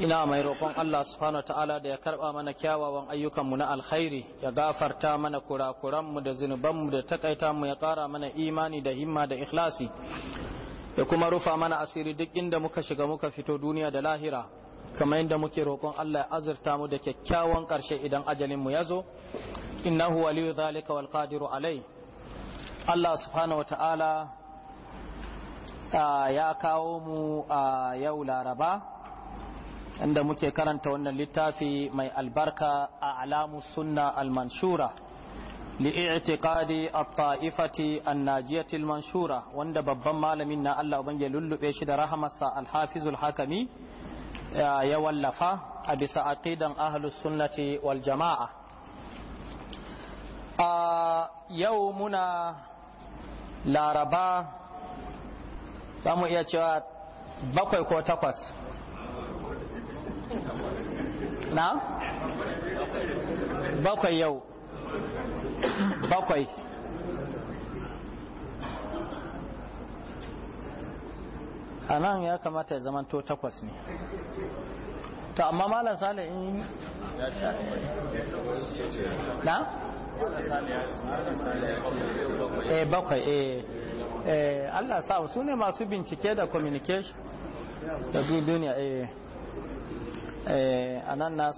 ina mai roƙon Allah subhanahu ta'ala da ya karba mana kyawawan ayyukan mu na alkhairi ya gafarta mana kurakuranmu da zunubanmu da takaita mu ya ƙara mana imani da himma da ikhlasi da kuma rufa mana asiri duk inda muka shiga muka fito duniya da lahira kamar yadda muke roƙon Allah ya azurta mu da kyakkyawan ƙarshe idan ajalin mu ya zo innahu waliyu zalika wal qadiru alai Allah subhanahu ta'ala ya kawo mu a yau laraba inda muke karanta wannan littafi mai albarka a alamu sunna al-manshura li'i'tiqadi at-ta'ifati an-najiyati al-manshura wanda babban malamin na Allah ubangi lullube shi da rahamarsa al-hafizul hakami ya wallafa a bisa aqidan ahlus sunnati wal jama'a a yau muna laraba zamu iya cewa bakwai ko takwas na bakwai yau bakwai a nan ya kamata ya zamanto takwas ne to amma malam sale in na? eh bakwai eh, eh Allah sa su ne masu bincike da communication da duniya eh Eh, a nan na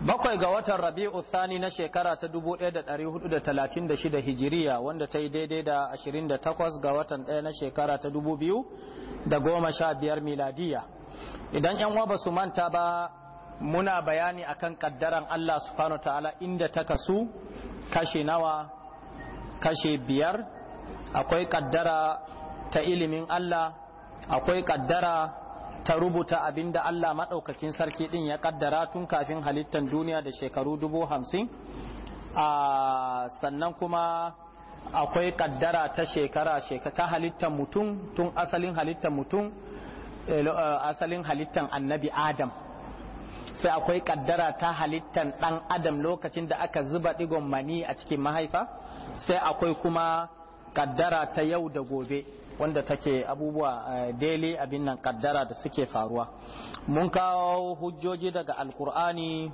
bakwai ga watan rabi'u thani na shekara ta 1436 hijiriya wanda ta yi daidai da 28 ga watan 1 na shekara ta biyar miladiya idan yan uwa ba su manta ba muna bayani akan kaddaran Allah subhanahu ta'ala inda ta kasu kashe nawa kashe biyar akwai kaddara ta ilimin Allah akwai kaddara ta rubuta abinda Allah maɗaukakin sarki ɗin ya ƙaddara tun kafin halittar duniya da shekaru dubu hamsin sannan kuma akwai ƙaddara ta shekara ta halittar mutum tun asalin halittan mutum eh, eh, asalin halittar annabi adam sai akwai ƙaddara ta halittan ɗan adam lokacin da aka zuba ɗigon mani a cikin mahaifa sai akwai kuma ƙaddara ta yau da gobe wanda take abubuwa eh, daily abin nan kaddara da suke faruwa mun kawo hujjoji daga alkur'ani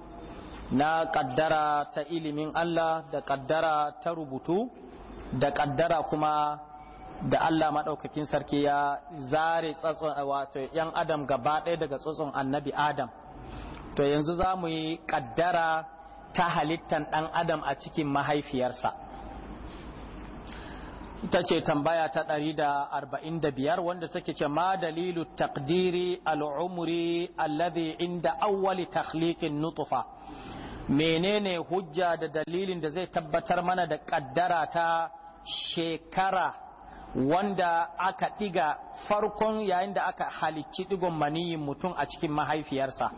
na kaddara ta ilimin Allah da kaddara ta rubutu da kaddara kuma da Allah maɗaukakin sarki ya zare tsatson eh, wato yan adam gaba ɗaya daga tsatson annabi adam to yanzu za mu yi kaddara ta halittan ɗan adam a cikin mahaifiyarsa ita ce tambaya ta ɗari da arba'in da biyar wanda take ce ma dalilu takdiri al'umri alladhi inda awwali takhliqin nutufa menene hujja da dalilin da zai tabbatar mana da kaddara ta shekara wanda aka ɗiga farkon yayin da aka halicci ɗigon maniyin mutum a cikin mahaifiyarsa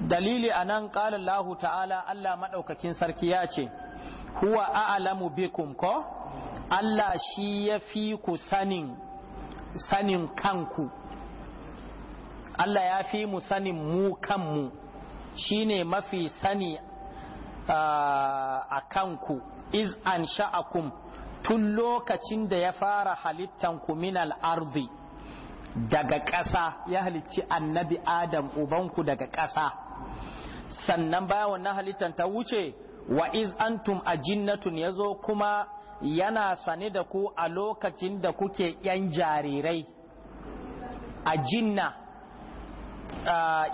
dalili a nan ƙalallahu ta'ala allah maɗaukakin sarki ya ce huwa a'lamu bikum ko Allah shi ya fi ku sanin sanin kanku Allah ya fi mu sanin mu kanmu shi ne mafi sani a kanku iz an sha'akum tun lokacin da ya fara halittanku min al’arzi daga ƙasa ya halicci annabi adam ubanku daga ƙasa sannan bayan wannan halittan ta wuce wa iz antum ajinnatun ya zo kuma yana sane da ku a lokacin da kuke yan jarirai a jinna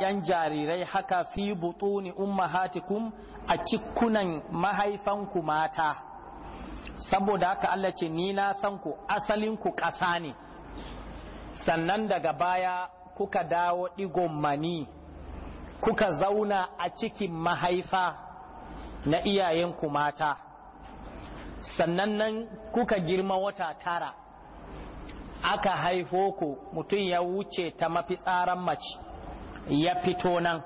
yan jarirai haka fi butuni ummahatikum a cikunan mahaifanku mata saboda haka Allah ce ni na san ku asalin ku ƙasa ne sannan daga baya kuka dawo digon mani kuka zauna a cikin mahaifa na iyayenku mata sannan nan kuka girma wata tara aka haifo ku mutum ya wuce ta mafi tsaran mace ya fito nan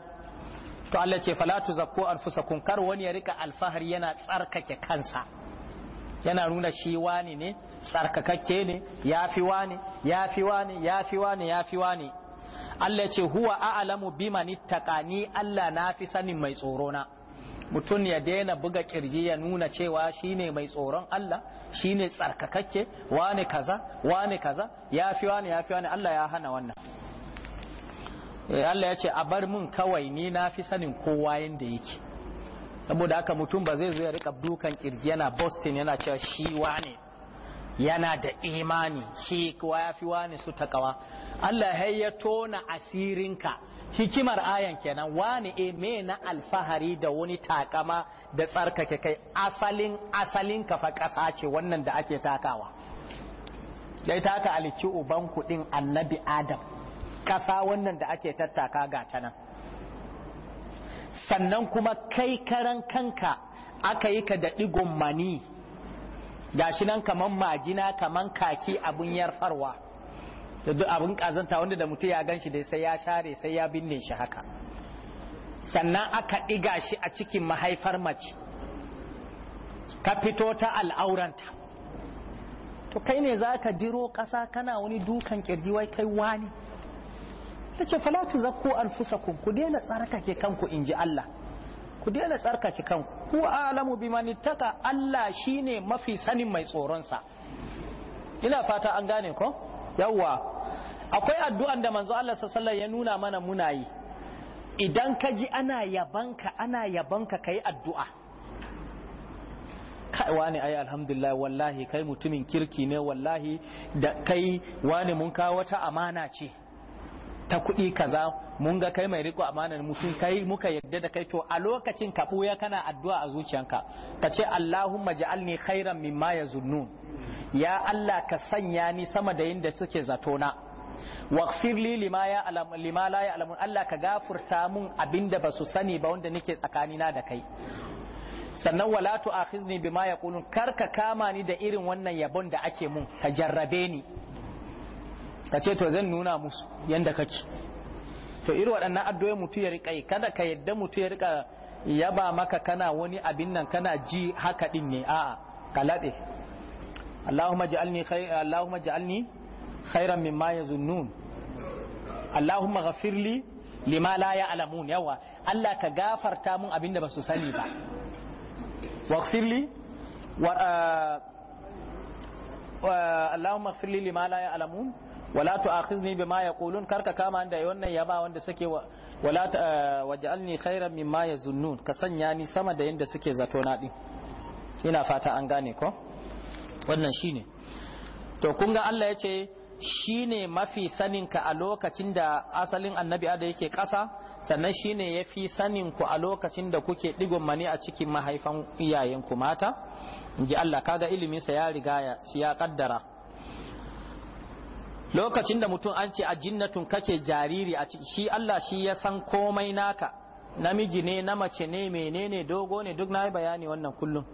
to Allah ce falatu zakku anfusakum kar wani ya rika alfahari yana tsarkake kansa yana nuna shi wani ne tsarkakakke ne fi wani fi wani fi wani fi wani Allah ce huwa a'lamu biman ni Allah na fi sanin mai tsoro na mutum ya daina buga kirji ya nuna cewa shine mai tsoron Allah shine tsarkakakke wane kaza wane kaza ya fi wane ya fi wane Allah ya hana wannan eh, Allah ya ce a bar min kawai ni na fi sanin kowa yadda yake saboda haka mutum ba zai zo ya rika dukan kirji yana Boston yana cewa shi wane yana da imani shi kuwa ya fi wani su takawa Allah ya tona asirinka hikimar ayan kenan wani e eh, me na alfahari da wani takama da tsarkake kai asalin asalin kafa ƙasa ce wannan da ake takawa dai taka alicci uban kuɗin annabi adam kasa wannan da ake tattaka ga ta nan sannan kuma kai karan kanka aka yi ka da ɗigon mani gashi nan kaman majina kaman kaki abun yarfarwa da duk abin kazanta wanda da mutu ya gan shi dai sai ya share sai ya binne shi haka sannan aka ɗiga shi a cikin mahaifar mace ka fito ta al'auranta to kai ne za ka diro ƙasa kana wani dukan ƙirji wai kai wani ta ce falatu zakku an ku daina tsarkake kanku in ji Allah ku daina tsarkake kanku ku alamu bi manittaka Allah shine mafi sanin mai tsoronsa ina fata an gane ko yawwa akwai addu'an da manzo Allah sallallahu ya nuna mana muna yi idan ka ji ana yabanka ana yabanka kai addu'a kai wani ai alhamdulillah wallahi kai mutumin kirki ne wallahi da kai wani mun kawo wata amana ce ta kuɗi kaza mun ga kai mai riko amanar mu kai muka yadda da kai to a lokacin ka buya kana addu'a a zuciyanka ka ce Allahumma ja'alni khairan mimma yazunnun ya Allah ka sanya ni sama da yanda suke zato waghfir li lima ya alam lima la ya alam Allah ka gafurta mun abinda basu sani ba wanda nake tsakani na da kai sannan wala akhizni bima yaqulun kar ka kama ni da irin wannan yabon da ake mun ka jarrabe ni ka ce to zan nuna musu yanda kake to irin waɗannan addu'o'i mutu ya rika kada ka yadda mutu ya rika yaba maka kana wani abin nan kana ji haka din ne a'a ka laɓe Allahumma ja'alni khayran Allahumma ja'alni khayran mimma yazunnun Allahumma ghafirli lima la ya'lamun yawa Allah ka gafarta mun abinda ba su sani ba waghfirli wa eh, Allahumma ghfirli lima la ya'lamun wala tu'akhizni bima yaqulun karka kama da wannan ba wanda suke wala eh, waj'alni khairan mimma yazunnun ka sanya ni sama da yanda suke zato na din ina fata an gane ko wannan shine to kun ga Allah ya ce shine mafi sanin ka a lokacin da asalin annabi ada yake ƙasa sannan shine ya fi sanin ku a lokacin da kuke digon mani a cikin mahaifan iyayenku mata in ji Allah kaga iliminsa ya riga ya kaddara lokacin da mutum an ce a jinnatun kake jariri a ciki shi Allah shi ya san komai naka namiji ne na mace ne menene dogo ne duk nayi bayani wannan kullum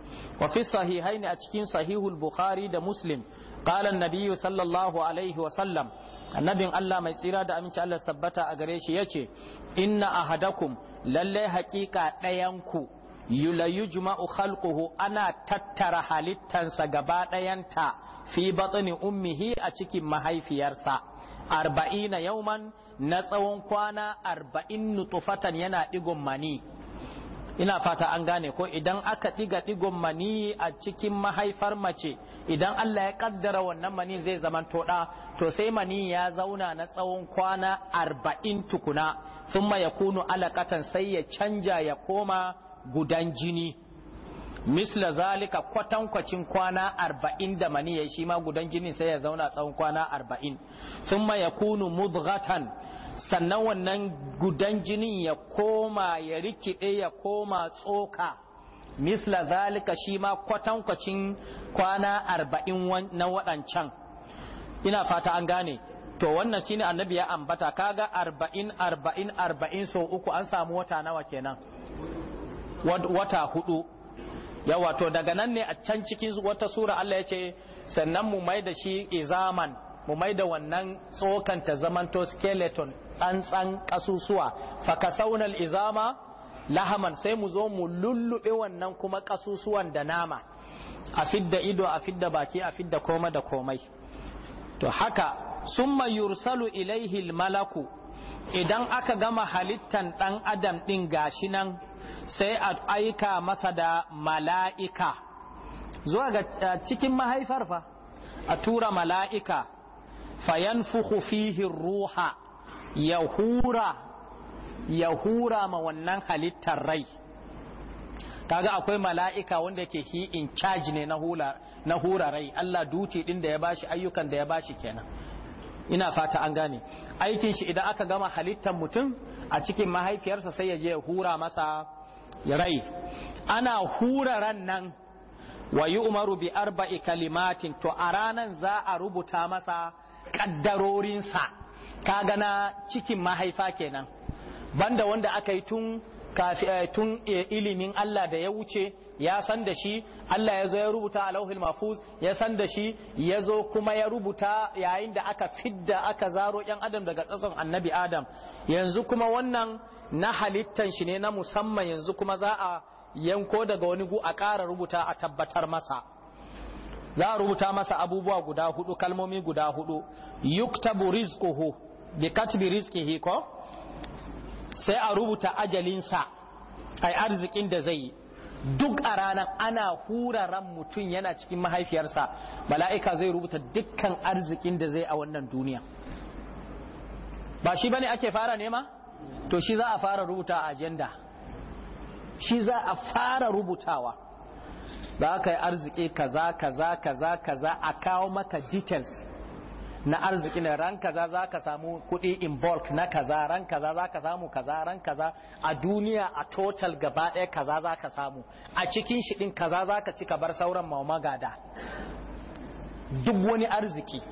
wa fi sahihaini a cikin sahihul bukhari da muslim qala an sallallahu alaihi wa sallam annabin Allah mai tsira da aminci Allah tabbata a gare shi yace inna ahadakum lalle haqiqa ɗayan ku yulayujma'u khalquhu ana tattara halittansa gaba dayanta. fi batsani ummihi a cikin mahaifiyarsa arba'ina yauman na tsawon kwana arba'in nutufatan yana ɗigon mani ina fata an gane ko idan aka ɗiga ɗigon mani a cikin mahaifar mace idan Allah ya kaddara wannan mani zai zaman toɗa to sai mani ya zauna na tsawon kwana arba'in tukuna sun ya kunu alaƙatan sai ya canja ya koma gudan jini misla zalika kwatankwacin kwana arba'in da maniya shi ma gudan jinin sai ya zauna tsawon kwana arba'in sun ma ya kunu mudgatan. sannan wannan gudan jini ya koma ya rikide ya koma tsoka misla zalika shi ma kwatankwacin kwana arba'in na waɗancan ina fata an gane to wannan shine annabi ya ambata kaga arba'in arba'in arba'in so uku an samu wata nawa kenan wata hudu yawa to daga nan ne a can cikin wata sura Allah ya ce sannan mu mai da shi izaman mu mai da wannan tsokan ta zamanto skeleton tsantsan kasusuwa fakasaunal izama lahaman sai mu zo mu lullube wannan kuma kasusuwan da nama a fidda ido a fidda baki a fidda koma da komai to haka summa yursalu ilaihi malaku idan aka gama halittan dan adam din gashi nan sai a aika masa da mala'ika zuwa ga cikin mahaifar fa a tura mala'ika fayan fuhufihin ruha ya hura ya hura ma wannan halittar rai kaga akwai mala'ika wanda ke hi in charge ne na hura rai Allah duci ɗin da ya bashi ayyukan da ya bashi kenan ina fata an gane aikin shi idan aka gama halittar mutum a cikin mahaifiyarsa sai ya je ya hura masa rai ana hura ran nan wa yi umaru bi arba'i kalimatin to a ranan za a rubuta masa ƙaddarorinsa ka gana cikin mahaifa kenan banda wanda aka yi tun Eh, tun eh, ilimin Allah da ya wuce ya san da shi Allah ya zo ya rubuta a lauhul mafuz ya san da shi ya zo kuma ya rubuta yayin da aka fidda aka zaro yan adam daga tsatson annabi adam yanzu kuma wannan na halittan shi ne na musamman yanzu kuma za a yanko daga wani gu a ƙara rubuta a tabbatar masa za a rubuta masa abubuwa guda hudu kalmomi guda hudu yuktabu rizquhu bi katbi rizqihi sai a rubuta ajalinsa a arzikin da zai duk a ranar ana hura ran mutum yana cikin mahaifiyarsa mala'ika zai rubuta dukkan arzikin da zai a wannan duniya ba shi bane ake fara nema to shi za a fara rubuta a shi za a fara rubutawa za ka yi arziki kaza kaza kaza kaza a kawo maka details na arziki ne ran kaza za ka samu kuɗi in bulk na kaza ran kaza za ka samu kaza ran kaza a duniya a total gaba ɗaya kaza za ka samu a cikin shi ɗin kaza za ka ci ka bar sauran gada. duk wani arziki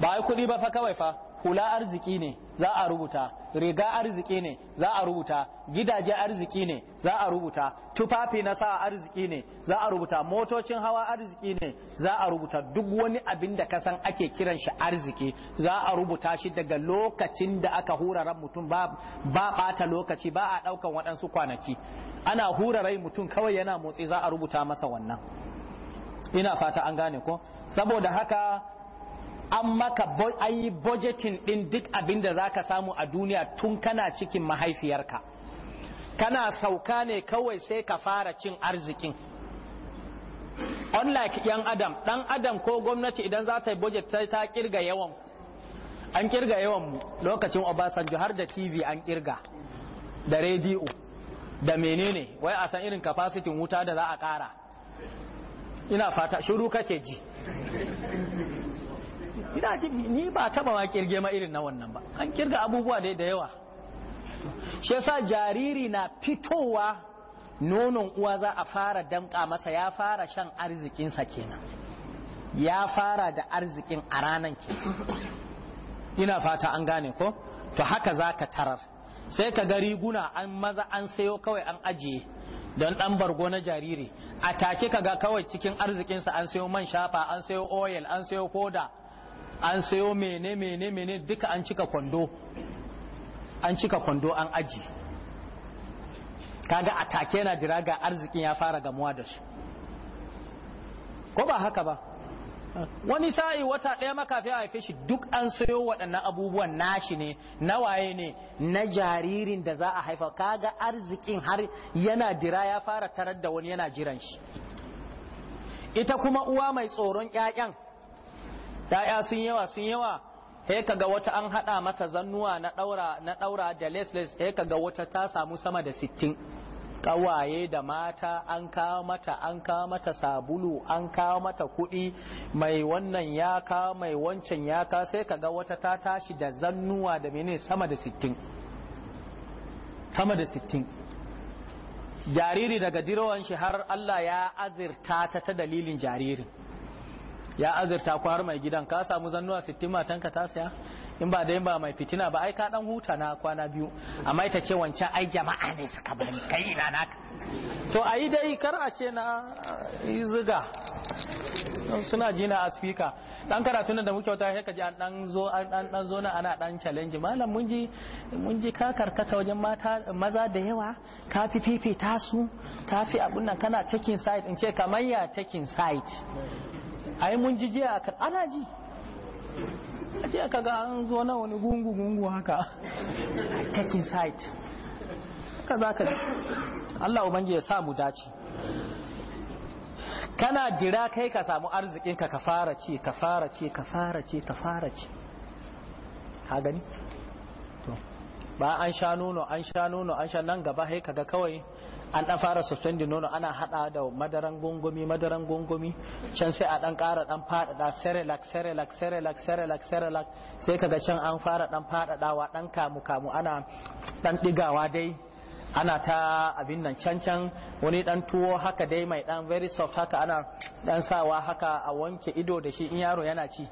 ba ai kuɗi ba fa kawai fa hula arziki ne za a rubuta riga arziki ne za a rubuta gidaje arziki ne za a rubuta tufafi na sa arziki ne za a rubuta motocin hawa arziki ne za a rubuta duk wani abin da kasan ake kiran shi arziki za a rubuta shi daga lokacin da aka hura ran mutum ba ba bata lokaci ba a daukan waɗansu kwanaki ana hura rai mutum kawai yana motsi za a rubuta masa wannan ina fata an gane ko saboda haka an maka an yi budgeting din duk abin da za ka samu a duniya tun kana cikin mahaifiyarka kana sauka ne kawai sai ka fara cin arzikin unlike yan adam dan adam ko gwamnati idan za ta yi budget sai ta kirga yawan an kirga yawan mu lokacin obasanjo har da tv an kirga da rediyo da menene wai a san irin capacity wuta da za a kara ina fata shiru kake ji ina ji ni ba taba ma kirge ma irin na wannan ba an kirga abubuwa dai da yawa shi yasa jariri na fitowa nonon uwa za a fara damƙa masa ya fara shan arzikinsa kenan ya fara da arzikin a ranan kenan ina fata an gane ko to haka za ka tarar sai ka ga riguna an maza an sayo kawai an ajiye don ɗan bargo na jariri a take ka ga kawai cikin arzikinsa an sayo man shafa an sayo oil an sayo koda an sayo mene mene mene duka an cika kwando an cika kwando an aji kaga atake na jira ga arzikin ya fara gamuwa da su ko ba haka ba wani sa'i wata ɗaya makafi a haife shi duk an sayo waɗannan abubuwan nashi ne na waye ne na jaririn da za a haifa kaga arzikin har yana dira ya fara tarar da wani yana jiran shi ita kuma uwa mai tsoron ƴaƴan. ya'ya sun yawa sun yawa he kaga wata an hada mata zannuwa na daura na daura da lesles he kaga wata ta samu sama da 60 kawaye da mata an kawo mata an kawo mata sabulu an kawo mata kuɗi mai wannan ya kawo mai wancan ya kawo sai kaga wata ta tashi da zannuwa da mene sama da 60 sama da 60 jariri daga dirowan shi har Allah ya azirta ta ta dalilin jaririn ya azurta kwar mai gidan ka samu zannuwa sittin matanka ta saya in ba da ba mai fitina ba ai ka dan huta na kwana biyu amma ita ce wancan ai jama'a ne suka bani kai ina naka to ai dai kar a ce na ziga suna ji na asfika dan karatun da muke wata sai ka ji an dan zo an dan zo na ana dan challenge malam mun ji mun ji ka karkata wajen mata maza da yawa ka fi fifita su ka fi abun nan kana taking side in ce kamar ya taking side ai mun ji jiya akan ana ji a ce aka ga an zo na wani gungu gungu haka taking site ka za ka Allah ubangi ya sa mu dace kana dira kai ka samu arzikinka ka fara ce ka fara ce ka fara ce ka fara ce ka gani ba an sha nono an sha nono an sha nan gaba sai kaga kawai an dan fara suspendin nono ana hada da madaran gongomi madaran gongomi can sai a dan kara dan da serelak serelak serelak serelak serelak sai kaga can an fara dan wa dan kamu kamu ana dan digawa dai ana ta abin nan can can wani dan tuwo haka dai mai dan very soft haka ana dan sawa haka a wanke ido da shi in yaro yana ci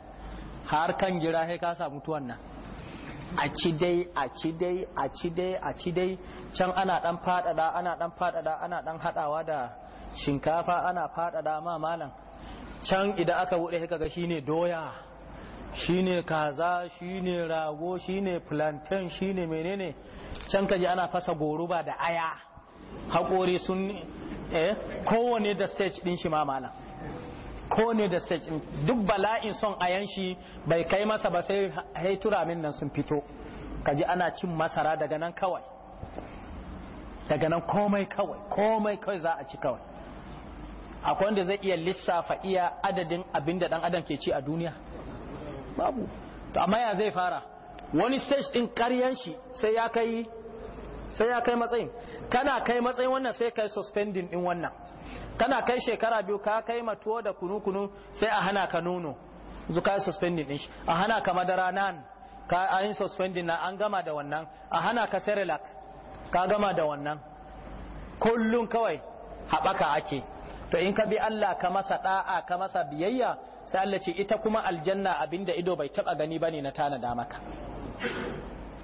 har kan gira sai ka samu tuwon nan a ci dai a ci dai a ci dai a ci dai can ana dan fadada ana dan fadada ana dan hadawa da shinkafa ana fadada ma malam can idan aka bude kaga shine doya shine kaza shine rago shine plantain shine menene can kaji ana fasa goruba da aya Hakori sun eh kowane da stage din shi ma malam ko ne da stage duk bala'in son ayan shi bai kai masa ba sai haitura min nan sun fito kaji ana cin masara daga nan kawai daga nan komai kawai komai kawai za a ci kawai akwai wanda zai iya lissafa iya adadin abinda dan adam ke ci a duniya babu to amma ya zai fara wani stage din karyan shi sai ya kai sai ya kai matsayin kana kai matsayin wannan sai kai suspending din wannan kana kai shekara biyu ka kai matuwo da kunu kunu sai a hana ka nuno zu ka suspending din shi a hana ka madara nan ka ayin suspending na an gama da wannan a hana ka cerelac ka gama da wannan Kullum kawai haɓaka ake to in ka bi Allah ka masa da'a ka masa biyayya sai Allah ce ita kuma aljanna abinda ido bai taba gani bane na tanada maka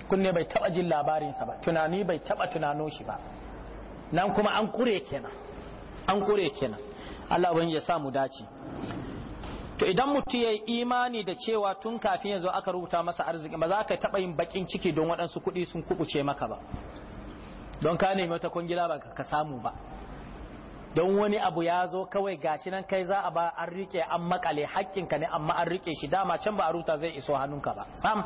kunne bai taba jin labarinsa ba tunani bai taba tunano shi ba nan kuma an kure kenan an kure kenan Allah ban ya sa mu dace to idan mutum ya yi imani da cewa tun kafin ya aka rubuta masa arziki ba za ka taɓa yin baƙin ciki don waɗansu kuɗi sun kubuce maka ba don ka nemi wata kwangila ba ka samu ba don wani abu ya zo kawai gashi nan kai za a ba an rike an makale hakkinka ne amma an rike shi dama can ba a rubuta zai iso hannunka ba sam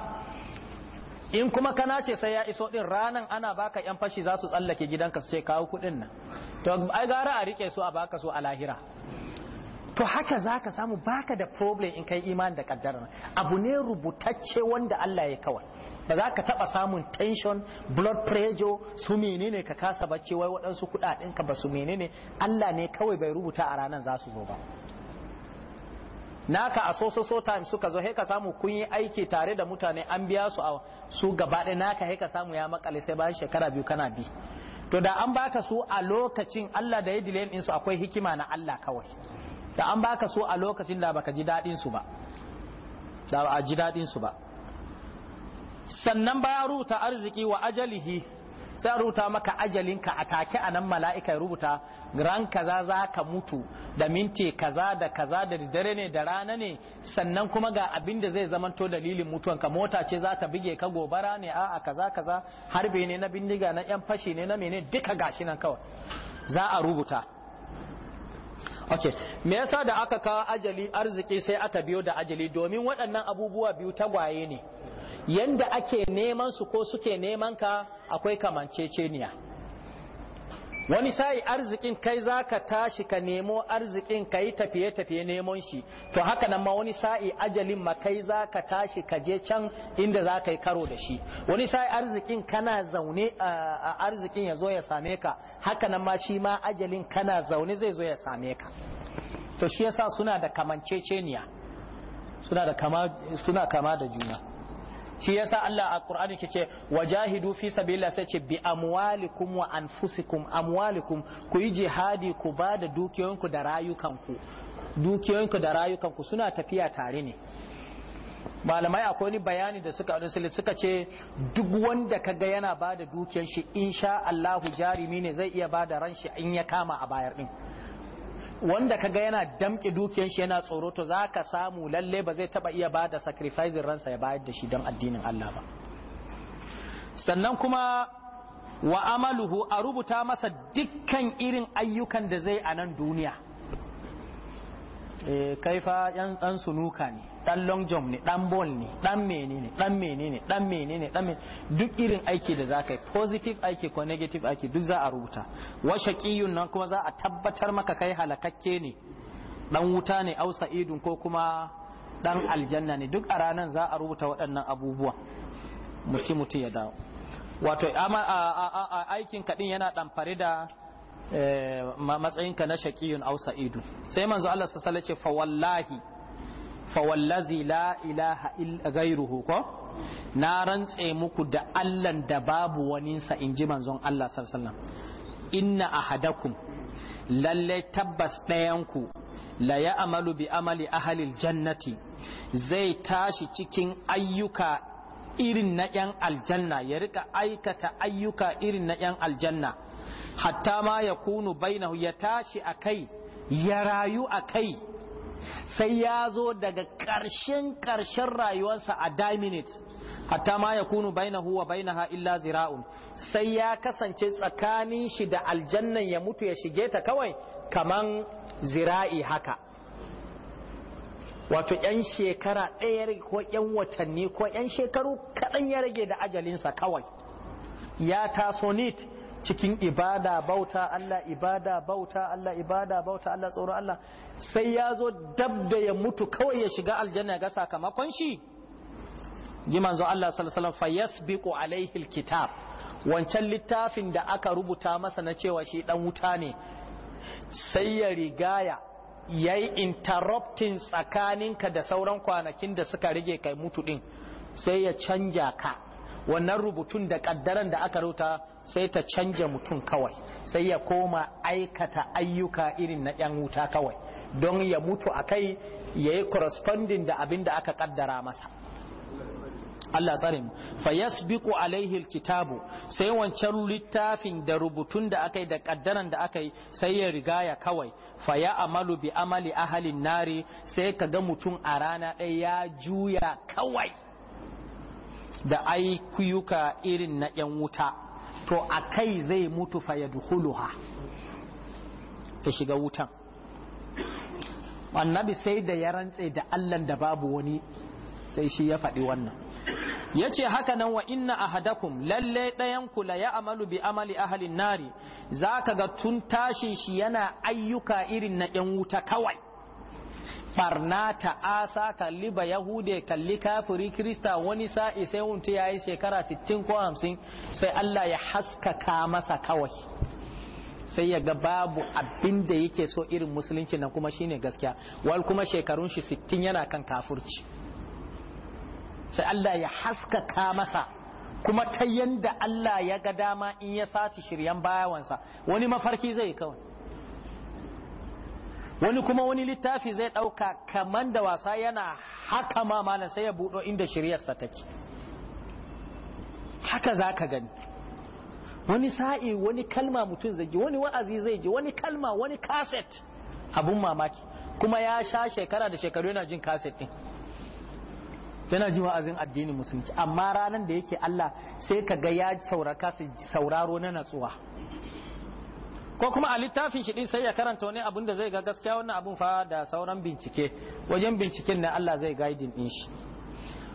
in kuma ka ce sai ya iso din ranan ana baka yan fashi za su tsallake gidanka su ce kawo kudin nan to ai gara a rike su a baka su a lahira to haka zaka samu baka da problem in kai imani da kaddara abu ne rubutacce wanda Allah ya kawai ba za ka taba samun tension blood pressure su menene ka kasa bacci wai waɗansu kuɗaɗen ka ba su menene Allah ne kawai bai rubuta a ranan za su zo ba naka a soso so time suka zo ka samu kun yi aiki tare da mutane an biya su a su gaba ɗaya naka ka samu ya makale sai bayan shekara biyu kana bi to da an baka su a lokacin Allah da ya dile din su akwai hikima na Allah kawai da an baka su a lokacin da baka ji dadin su ba da ba ji dadin su ba sannan baya rubuta arziki wa ajalihi sai a rubuta maka ajalinka a take a nan mala'ika ya rubuta ran kaza za ka mutu da minti kaza da kaza da dare ne da rana ne sannan kuma ga abin da zai zamanto dalilin mutuwanka mota ce za ta bige ka gobara ne a'a kaza kaza harbe ne na bindiga na yan fashi ne na mene duka gashi nan kawai za a rubuta okay me yasa da aka kawo ajali arziki sai aka biyo da ajali domin waɗannan abubuwa biyu tagwaye ne yanda ake neman su ko suke neman ka akwai kamanceceniya wani sai arzikin kai zaka tashi ka nemo arzikin ka yi tafiye-tafiye neman shi to haka nan ma wani sa'i ajalin ma kai zaka tashi ka je can inda za ka yi karo da shi wani sa'i arzikin kana zaune a arzikin ya zo ya same ka haka nan ma shi ma ajalin kana zaune zai zo ya same ka to shi yasa suna da kamanceceniya suna da suna kama da juna shi yasa Allah a Qur'ani ke ce wajahidu fi sabilillah sai ce bi amwalikum wa anfusikum amwalikum ku yi jihadi ku ba da dukiyoyinku da rayukanku dukiyoyinku da rayukanku suna tafiya tare ne malamai akwai wani bayani da suka wani suka ce duk wanda kaga yana ba da dukiyar shi sha Allahu jarimi ne zai iya ba da ran shi in ya kama a bayar din wanda ka ga yana damƙe dukiyar shi yana tsoro to za ka samu lalle ba zai taba iya ba da sacrificing ransa ya bayar da shi don addinin Allah ba sannan kuma wa amaluhu a rubuta masa dukkan irin ayyukan da zai a nan duniya Eh, kai fa yan dan sunuka ne dan long jump ne ɗan ball ne dan menene dan menene dan menene dan duk irin aiki da zaka yi positive aiki ko negative aiki duk za a rubuta wa shaqiyun nan kuma za a tabbatar maka kai halakakke ne dan wuta ne au sa'idun ko kuma dan aljanna ne duk a ranan za a rubuta waɗannan abubuwa mutum mutum ya dawo wato aikin kaɗin yana ɗamfare da Eh, matsayinka na shaqiyun aw Sa'idu sai manzo Allah sallallahu alaihi wasallam ce fa wallahi fa la ilaha illa ghairuhu ko na rantse muku da Allah da babu waninsa in ji manzon Allah sallallahu alaihi wasallam inna ahadakum lalle tabbas dayanku la ya'malu amalu bi amali ahli jannati zai tashi cikin ayyuka irin na ‘yan aljanna ya rika aikata ayyuka irin na ‘yan aljanna hatta ma ya kunu bainahu ya tashi a kai ya rayu a kai sai ya zo daga ƙarshen ƙarshen rayuwarsa a daminit hatta ma ya kunu bainahu wa bainaha illa zira'un sai ya kasance tsakanin shi da aljannan ya mutu ya shige ta kawai kaman zira'i haka wato 'yan shekara ɗaya ko 'yan watanni ko 'yan shekaru kaɗan ya rage da ajalinsa kawai ya taso nit cikin ibada bauta Allah ibada bauta Allah ibada bauta Allah tsoron Allah sai ya zo dab ya mutu kawai ya shiga aljanna ga sakamakon shi ji manzo Allah sallallahu alaihi wasallam yasbiqu alaihi alkitab wancan littafin da aka rubuta masa na cewa shi dan wuta ne sai ya rigaya yayi interrupting tsakaninka da sauran kwanakin da suka rige kai mutu din sai ya canja ka wannan rubutun da kaddaran da aka rubuta sai ta canja mutum kawai sai ya koma aikata ayyuka irin na yan wuta kawai don ya mutu a kai ya yi corresponding da abin da aka kaddara masa Allah tsarin mu fa ku alaihi alkitabu sai wancan littafin da rubutun da akai da kaddaran da akai sai ya riga ya kawai faya ya amalu bi amali ahalin nari sai kaga mutum a rana ɗaya ya juya kawai da aikuyuka irin na ‘yan wuta to a kai zai mutu fa ya ha ta shiga wutan annabi sai da ya rantse da allan da babu wani sai shi ya faɗi wannan ya ce haka nan wa inna ahadakum lalle ɗayan kula ya amalu bi amali ahalin nari za ka ga tun tashin shi yana ayyuka irin na ‘yan wuta kawai barna ta ta'asa kalli ba yahude kalli kafiri krista wani sa'i sai wunta ya yi shekara 60 ko 50 sai Allah ya haskaka masa kawai sai ya ga babu abin da yake so irin musulunci nan kuma shine gaskiya wal kuma shekarun shi 60 yana kan kafurci sai Allah ya haskaka masa kuma ta yanda Allah ya ga dama in ya saci shiryan bayawansa wani mafarki zai kawai wani kuma wani littafi zai ɗauka kaman da wasa yana haka na sai ya buɗo inda shiryarsa take haka za ka gani wani sa'i wani kalma mutum zai ji wani wa'azi zai ji wani kalma wani kaset abun mamaki kuma ya sha shekara da shekaru yana jin kaset ɗin yana ji wa'azin addinin musulunci amma ranar da yake Allah sai ka ga ya sauraka sauraro na natsuwa ko kuma a littafin shi din sai ya karanta wani abun da zai ga gaskiya wannan abun fa da sauran bincike wajen binciken ne Allah zai guiding din shi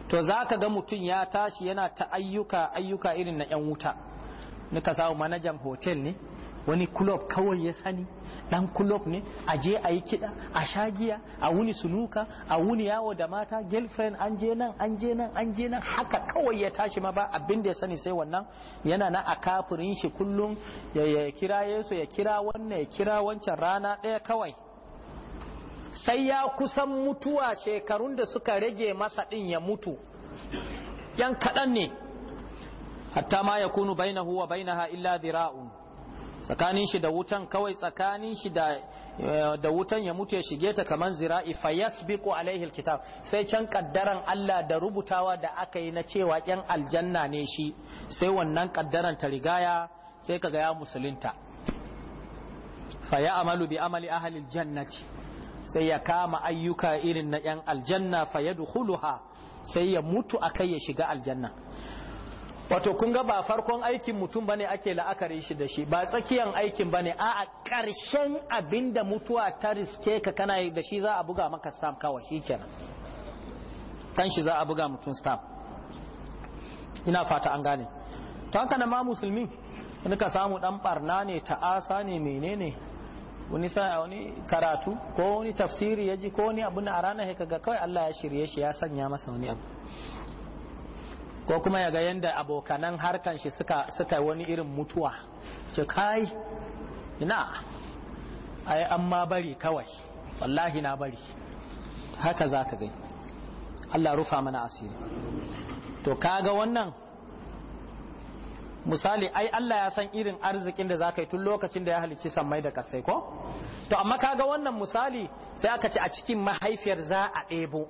to zaka ga mutum ya tashi yana ta ayyuka ayyuka irin na yan wuta ka samu manajan hotel ne wani kulob kawai ya sani dan kulob ne a je a yi kiɗa a shagiya a wuni sunuka a wuni yawo da mata girlfriend an je nan an je nan an je nan haka kawai ya tashi ma ba abin da ya sani sai wannan yana na a kafirin shi kullum ya kira yesu ya kira wannan ya kira wancan rana ɗaya kawai sai ya kusan mutuwa shekarun da suka rage masa ɗin ya mutu yan kaɗan ne hatta ma ya kunu bainahu wa bainaha illa dira'un tsakanin shi da wutan kawai tsakanin shi eh, da wutan ya mutu ya shige ta kamar zira'i fa yasbiqu alaihi alkitab sai can kaddaran Allah da rubutawa da aka yi na cewa yan aljanna ne shi sai wannan kaddaran ta rigaya sai kaga ya musulunta fa ya amalu bi amali ahli aljannati sai ya kama ayyuka irin na yan aljanna fa yadkhuluha sai ya mutu akai ya shiga aljanna wato kun ga ba farkon aikin mutum bane ake la'akari shi da shi ba tsakiyan aikin bane a a ƙarshen abinda mutuwa ta riske ka kana da shi za a buga maka stamp kawai kenan kan shi za a buga mutum stamp ina fata an gane to haka na ma musulmi wani ka samu dan barna ne ta'asa ne menene wani sa wani karatu ko wani tafsiri yaji ko wani abu na a ranar kaga kawai Allah ya shirye shi ya sanya masa wani abu ko kuma ya ga yadda abokanan harkan shi suka suka wani irin mutuwa ce kai ina ai an bari kawai wallahi na bari haka za ka gani Allah rufa mana asiri to kaga wannan misali ai Allah ya san irin arzikin da za ka yi tun lokacin da ya halicci sammai da kasai ko to amma kaga wannan misali sai aka ci a cikin mahaifiyar za a ɗebo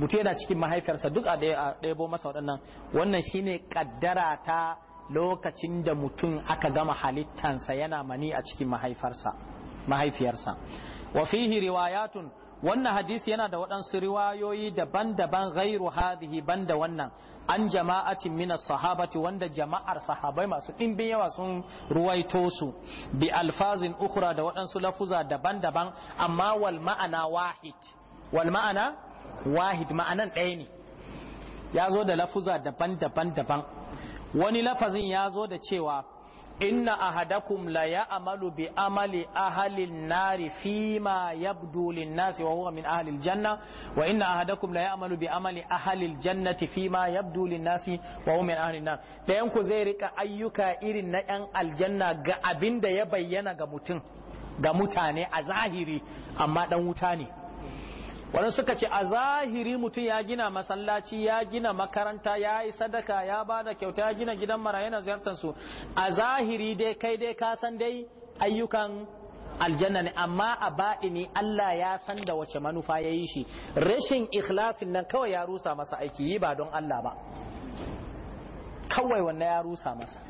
mutu yana cikin mahaifiyarsa duk a ɗebo masa waɗannan wannan shine kaddara ta lokacin da mutum aka gama halittansa yana mani a cikin mahaifiyarsa wa fihi riwayatun wannan hadisi yana da waɗansu riwayoyi daban-daban ghairu hadhihi banda wannan an jama'ati min sahabati wanda jama'ar sahabai masu ɗimbin yawa sun ruwaito su bi alfazin ukhra da waɗansu lafuza daban-daban amma wal ma'ana wahid wal ma'ana wahid ma'anan ɗaya ne ya zo da lafuza daban-daban daban wani lafazin ya zo da cewa inna ahadakum la ya amalu bi amali ahalin nari fi ma ya budulin nasi wa huwa min ahli janna wa inna ahadakum la ya amalu bi amali ahli al fi ma ya budulin nasi wa huwa min ahli nar dayan ku zai rika ayyuka irin na yan aljanna ga abin da ya bayyana ga mutum ga mutane a zahiri amma dan wuta ne wani suka ce a zahiri mutum ya gina masallaci ya gina makaranta ya yi sadaka ya ba da kyauta ya gina gidan mara yana ziyartar a zahiri dai kai dai ka san dai ayyukan aljanna ne amma a ne Allah ya san da wace manufa ya yi shi rashin ikhlasin nan kawai ya rusa masa aiki yi ba don Allah ba kawai wannan ya rusa masa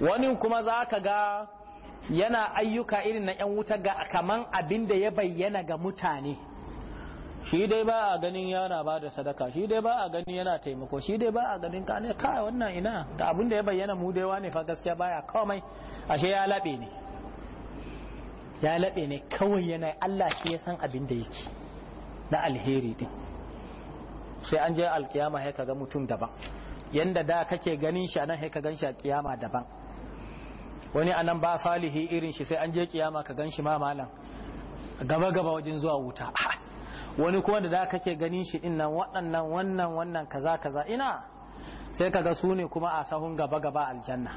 wani kuma za ka ga yana ayyuka irin na 'yan wuta ga kaman abin da ya bayyana ga mutane shi dai ba a ganin yana ba da sadaka shi dai ba a ganin yana taimako shi dai ba a ganin ka kai wannan ina da abin da ya bayyana mu dai wane fa gaskiya baya komai ashe ya labe ne ya labe ne kawai yana Allah shi ya san abin da yake na alheri din sai an je alkiyama sai kaga mutum daban yanda da kake ganin shi anan sai ka gan shi a kiyama daban wani anan ba salihi irin shi sai an je kiyama ka gan shi ma malam gaba gaba wajen zuwa wuta a wani kuma da za kake ganin shi din nan waɗannan wannan wannan kaza kaza ina sai kaga su ne kuma a sahun gaba gaba aljanna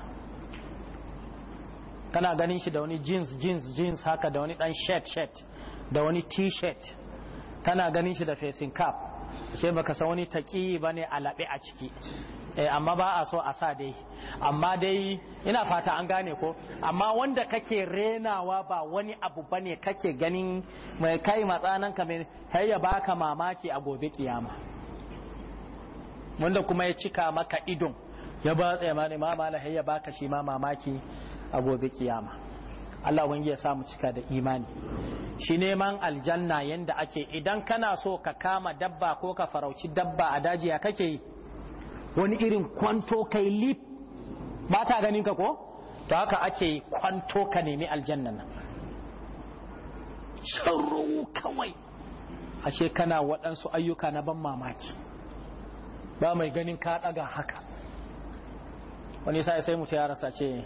kana ganin shi da wani jeans jeans jeans haka da wani dan shirt shirt da wani t-shirt kana ganin shi da facing cap sai baka san wani taqi bane alabe a ciki Eh, amma ba a so a sa dai amma dai ina fata an gane ko amma wanda kake renawa ba wani abu bane kake ganin mai kai matsanan ka mai har ya baka mamaki a gobe kiyama wanda kuma ya cika maka idon ya ba tsaye ma ne mama har ya baka shi ma mamaki a gobe kiyama Allah wangi ya samu cika da imani shi neman aljanna yanda ake idan kana so ka kama dabba ko ka farauci dabba a daji ya kake yi wani irin kwanto kai lip ba ta ganin ka ko to haka ake kwanto ka nemi aljanna nan shiru kawai ashe kana waɗansu ayyuka na ban mamaki ba mai ganin ka ɗaga haka wani sai sai mu ya rasa ce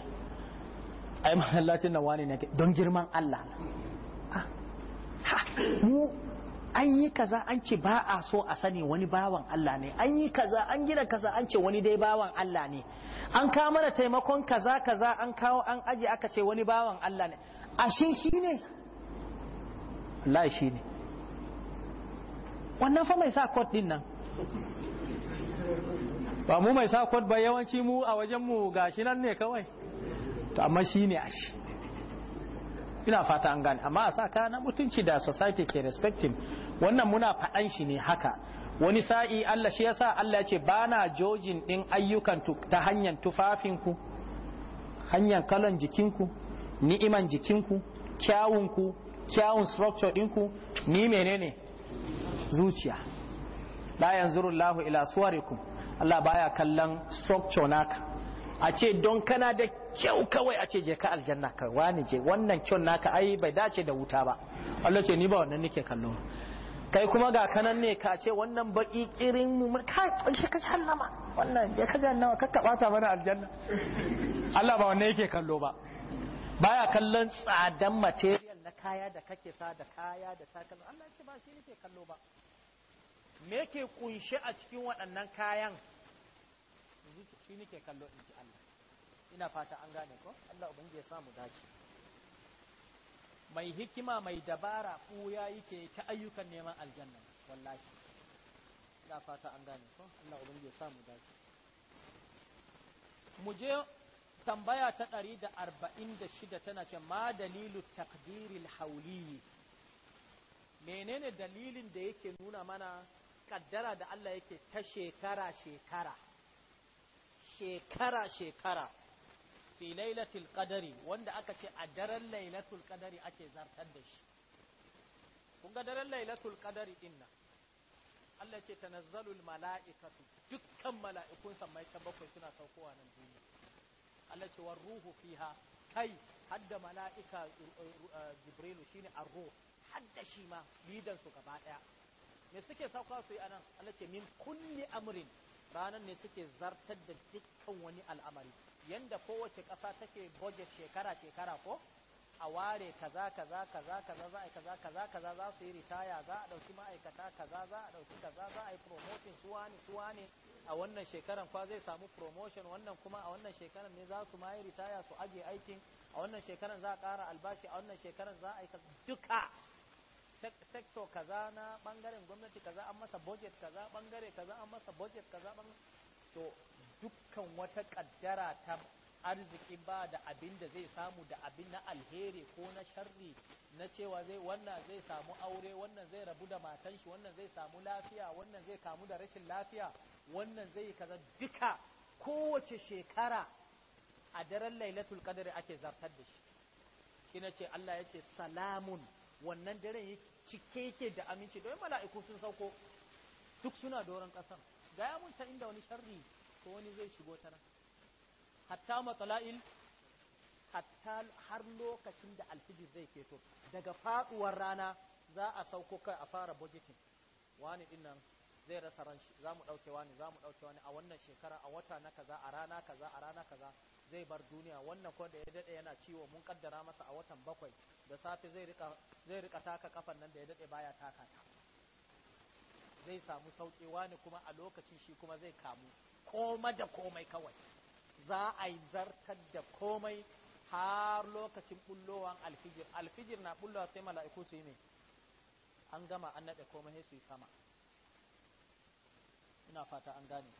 ai masallacin nan wani ne don girman Allah ah, mu an yi kaza an ce ba a so a sani wani bawan Allah ne an yi kaza an gina kaza an ce wani dai bawan Allah ne an kawo mana taimakon kaza kaza an kawo an aje aka ce wani bawan Allah ne ashe shi ne Allah shi ne wannan fa mai sa kot din nan ba mu mai sa kot ba yawanci mu a wajen mu gashi nan ne kawai to amma shi ne ashe ina fata an gane amma a sa na mutunci da society ke respecting wannan muna faɗan shi ne haka wani sa'i Allah shi yasa Allah ya ce ba jojin ɗin ayyukan ta hanyar tufafinku hanyar kalan jikinku ni'iman jikinku kyawunku kyawun structure ɗinku ni menene zuciya la yanzurullahu ila suwarikum Allah baya kallon structure naka a ce don kana da kyau kawai a ce je ka aljanna ka wani je wannan kyau naka ai bai dace da wuta ba Allah ce ni ba wannan nake kallo kai kuma ga kanan ne ka ce wannan baki kirin mu ka kace ka jahannama wannan je ka jahannama ka ka bata mana aljanna Allah ba wannan yake kallo ba baya kallon tsadan material na kaya da kake sa da kaya da takalma Allah ce ba shi nake kallo ba me yake kunshe a cikin waɗannan kayan shi nake kallo in ji Allah ina fata an gane ko Allah ubangi ya samu dace mai hikima mai dabara ɓuya yake ta ayyukan neman aljanna wallahi ina fata an gane ko Allah ubangi ya samu dace mu je tambaya ta 146 tana ce ma dalilu taqdiril hawli menene dalilin da yake nuna mana kaddara da Allah yake ta shekara shekara shekara-shekara fi lailatul qadari wanda aka ce a daren lailatul qadari ake zartar da shi kun ga daren lailatul qadari din Allah ce tanazzalul mala'ikatu dukkan mala'ikun sammai ta bakwai suna saukowa nan duniya Allah ce war ruhu fiha kai hadda mala'ika eh, eh, jibrilu shine ar-ruh hadda shi ma lidan su gaba daya me suke sauka su yi anan Allah ce min kulli amrin ranar ne suke zartar da dukkan wani al'amari yanda kowace ƙasa take budget shekara shekara ko a ware kaza kaza kaza kaza za a yi kaza kaza kaza za su yi ritaya za a ɗauki ma'aikata kaza za a ɗauki kaza za a yi promotion suwa ne suwa ne a wannan shekaran kwa zai samu promotion wannan kuma a wannan shekaran ne za su ma yi ritaya su aje aikin a wannan shekaran za a ƙara albashi a wannan shekaran za a yi duka sector kaza na bangaren gwamnati kaza an masa budget kaza bangare kaza an masa budget kaza to dukkan wata kaddara ta arziki ba da abin da zai samu da abin na alheri ko na sharri na cewa zai wannan zai samu aure wannan zai rabu da matan shi wannan zai samu lafiya wannan zai kamu da rashin lafiya wannan zai yi kaza duka kowace shekara a daren lailatul Qadar ake zartar da shi Kina ce Allah ya ce salamun wannan daren ya cike yake da aminci don mala'iku sun sauko duk suna doron ƙasar ga ya mun ta inda wani sharri ko wani zai shigo tara nan hatta matsala'il hatta har lokacin da alfijir zai keto daga faɗuwar rana za a sauko kai a fara budgeting wani dinnan zai rasa ran shi za mu ɗauke wani za mu ɗauke wani a wannan shekara a wata na kaza a rana kaza a rana kaza zai bar duniya wannan ko da ya daɗe yana ciwo mun kaddara masa a watan bakwai da safe zai rika zai rika taka kafan nan da ya daɗe baya taka ta zai samu sauki wani kuma a lokacin shi kuma zai kamu koma da komai kawai za a yi zartar da komai har lokacin bullowan alfijir alfijir na bullowa sai mala'iku su yi ne an gama an naɗe komai sai su yi sama ina fata an gane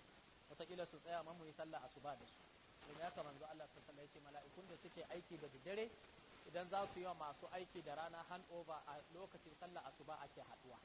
wataƙila su tsaya mamu yi sallah asuba da su don ya ka manzo Allah sun sallah yake mala'ikun da suke aiki da dare idan za su yi wa masu aiki da rana hand over a lokacin sallah asuba ake haduwa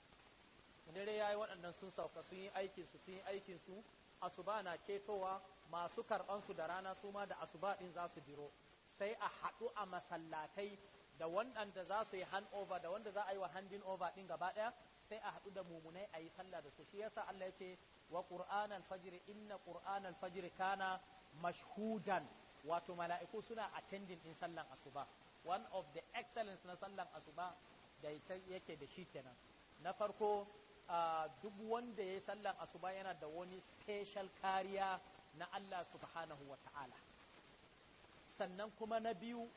dare yi waɗannan sun sauka sun yi aikin su sun yi aikin su asuba na ketowa masu karɓan su da rana su ma da asuba ɗin za su jiro sai a haɗu a masallatai da wadanda za su yi hand over da wanda za a yi wa handing over ɗin gaba ɗaya sai a haɗu da mumunai a yi sallah da su shi yasa Allah ya ce wa ƙur'an alfajiri inna qur'an al kana mashhudan wato mala'iku suna attending din sallan asuba one of the excellence na sallan asuba da yake da shi kenan na farko duk wanda ya yi sallan asuba yana da wani special kariya na Allah subhanahu wa ta'ala sannan kuma na biyu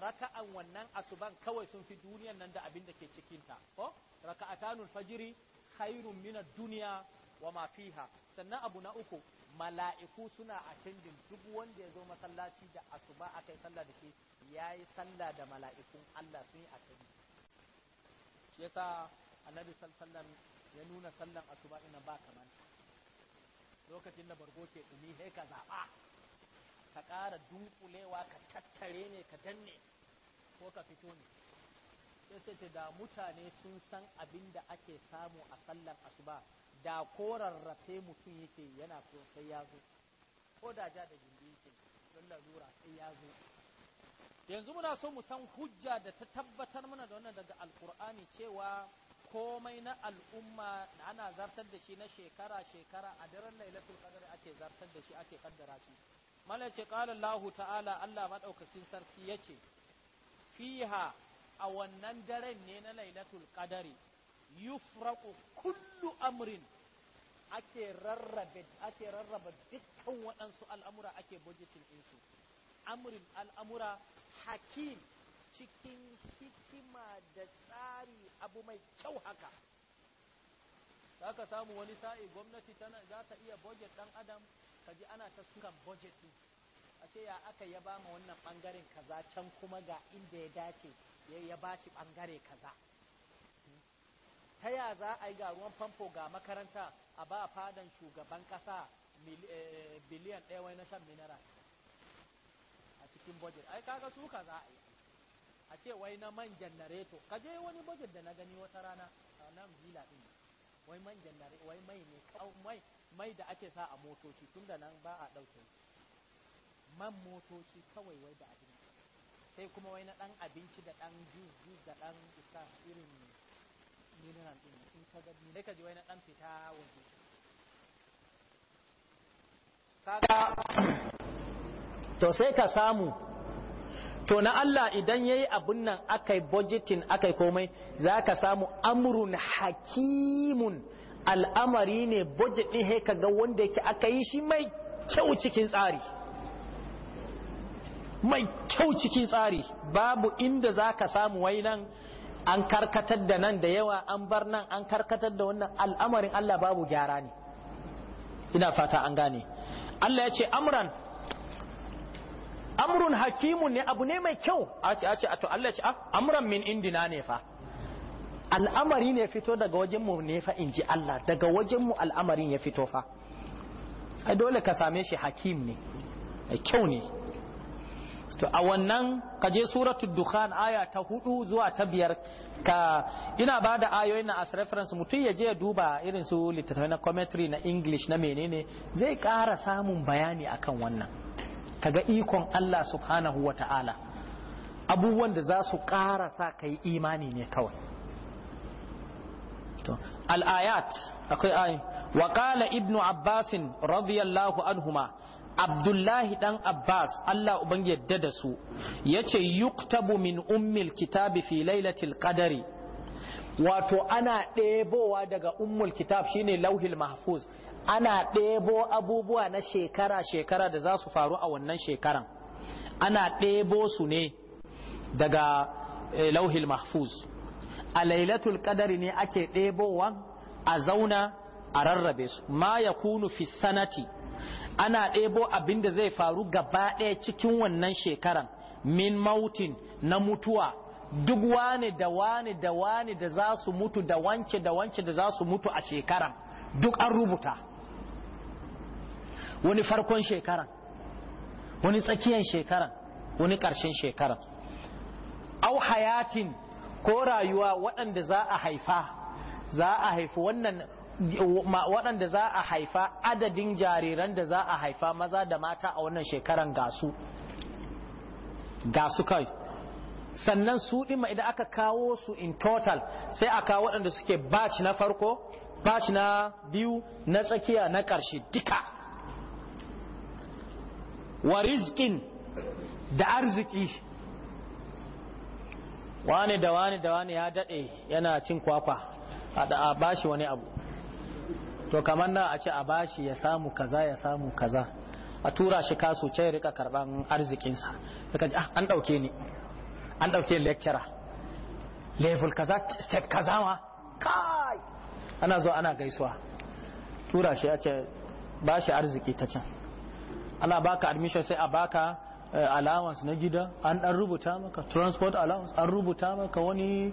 raka'an wannan asuban kawai sun fi duniyan nan da abin da ke cikinta ko al fajiri khairun min ad-dunya wa ma fiha sannan abu na uku mala'iku suna a attending duk wanda ya zo masallaci da asuba akai sallah da shi yayi sallah da mala'ikun Allah sun yi attending shi yasa annabi sallallahu ya nuna sallan asuba ina ba kaman lokacin da bargo ke dumi sai ka zaba ka ƙara dunkulewa ka tattare ne ka danne ko ka fito ne sai sai ta da mutane sun san abin da ake samu a sallar asuba da rafe mutum yake yana ko sai ya zo ko da ja da gindi yake don lalura sai ya zo yanzu muna so mu san hujja da ta tabbatar mana da wannan daga alkur'ani cewa komai na al'umma ana zartar da shi na shekara shekara a daren lailatul qadr ake zartar da shi ake kaddara shi malace qala Allah ta'ala Allah madaukakin sarki yace fiha a wannan daren ne na lailatul qadari yufraqu kullu amrin ake rarrabe ake rarraba dukkan waɗansu al'amura ake budgetin insu amrin al'amura hakim cikin hikima da tsari abu mai kyau haka za ka samu wani sa'i gwamnati za ta iya budget ɗan adam kaji ana ta suka budget ɗin a ce ya aka ya ba ma wannan ɓangaren kaza can kuma ga inda ya dace ya bashi bangare kaza ta ya za a yi ga ruwan famfo ga makaranta a ba fadan shugaban kasa eh, eh, biliyan ɗaya wai na shan mineral a cikin budget ai kaga su ka za a yi a ce wai na man janareto ka je wani budget da na gani wata rana a nan gila ɗin wai man janare wai mai ne mai mai da ake sa a motoci tunda nan ba a ɗauke man motoci kawai wai da abin sai kuma wai na dan abinci da dan juju da dan isa irin mineral din in ka ga ne ka ji wai na dan fita waje kaga to sai ka samu to na Allah idan yayi abun nan akai budgeting akai komai za ka samu amrun hakimun al'amari ne budget ɗin ka ga wanda yake aka yi shi mai kyau cikin tsari mai kyau cikin tsari babu inda za ka samu wai nan an karkatar da nan da yawa an bar nan an karkatar da wannan al'amarin Allah babu gyara ne ina fata an gane Allah ya ce amran amrun hakimun ne abu ne mai kyau a ce a to Allah ya ce ah, amran min indina ne fa al'amari ne fito daga wajenmu ne fa in ji Allah daga wajenmu al'amarin ya fito fa ai dole ka same shi hakim ne kyau ne to a wannan kaje suratul dukhan aya ta hudu zuwa ta biyar ka ina ba da ayoyin na as reference mutum ya je ya duba irin su littattafai na commentary na english na menene zai kara samun bayani akan wannan kaga ikon Allah subhanahu wa ta'ala abubuwan da za su kara sa ka yi imani ne kawai al'ayat akwai ayi wa qala ibnu abbasin radiyallahu anhuma abdullahi dan abbas allah uban yadda da su yace yuktabu min ummil kitabi fi lailatul qadari wato ana ɗebowa daga ummul kitab shine lauhil mahfuz ana ɗebo abubuwa na shekara-shekara da za su faru a wannan shekaran ana ɗebo su ne daga eh, lauhil mahfuz a lailatul qadari ne ake ɗebowa a zauna a rarrabe su ma ya kunu fi sanati ana ɗebo abin da zai faru gaba ɗaya cikin wannan shekaran min mautin na mutuwa duk wane da wane da wane da za su mutu da wance da wance da za su mutu a shekaran duk an rubuta wani farkon shekaran wani tsakiyan shekaran wani ƙarshen shekaran au hayatin ko rayuwa waɗanda za a haifa za a haifi wannan waɗanda za a haifa adadin jariran da za a haifa maza da mata a wannan shekaran gasu gasu kai sannan su ɗima idan aka kawo su in total sai a kawo waɗanda suke batch na farko batch na biyu na tsakiya na ƙarshe duka wa rizkin da arziki wane da wane da wane ya daɗe yana cin kwakwa a bashi wani abu to kamar na a ce a bashi ya samu kaza ya samu kaza a tura shi kasu ce rika karban arzikinsa daga ah an dauke ni an dauke lecturer level kaza step kaza ma kai ana zo ana gaisuwa tura shi ya ce bashi arziki ta can ana baka admission sai a baka eh, allowance na gida an dan rubuta maka transport allowance an rubuta maka wani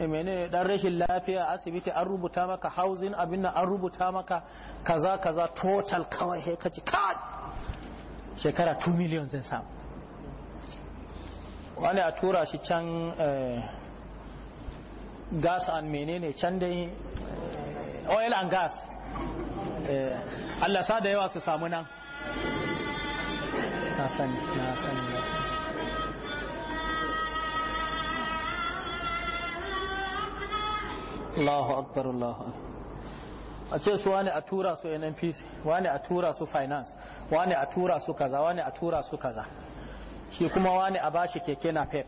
Eh, mene dan rashin lafiya asibiti an rubuta maka housing abin nan an rubuta maka kaza kaza total kawai he kaci kad shekara 2 million zan samu wani a tura shi can eh, gas and menene can dai eh, oil and gas Allah sa da yawa su samu nan na sani na sani na sani Allahu akbar Allahu a ce su wani a tura su NNPC wani a tura su finance wani a tura su kaza wani a tura su kaza shi kuma wani a bashi keke na pep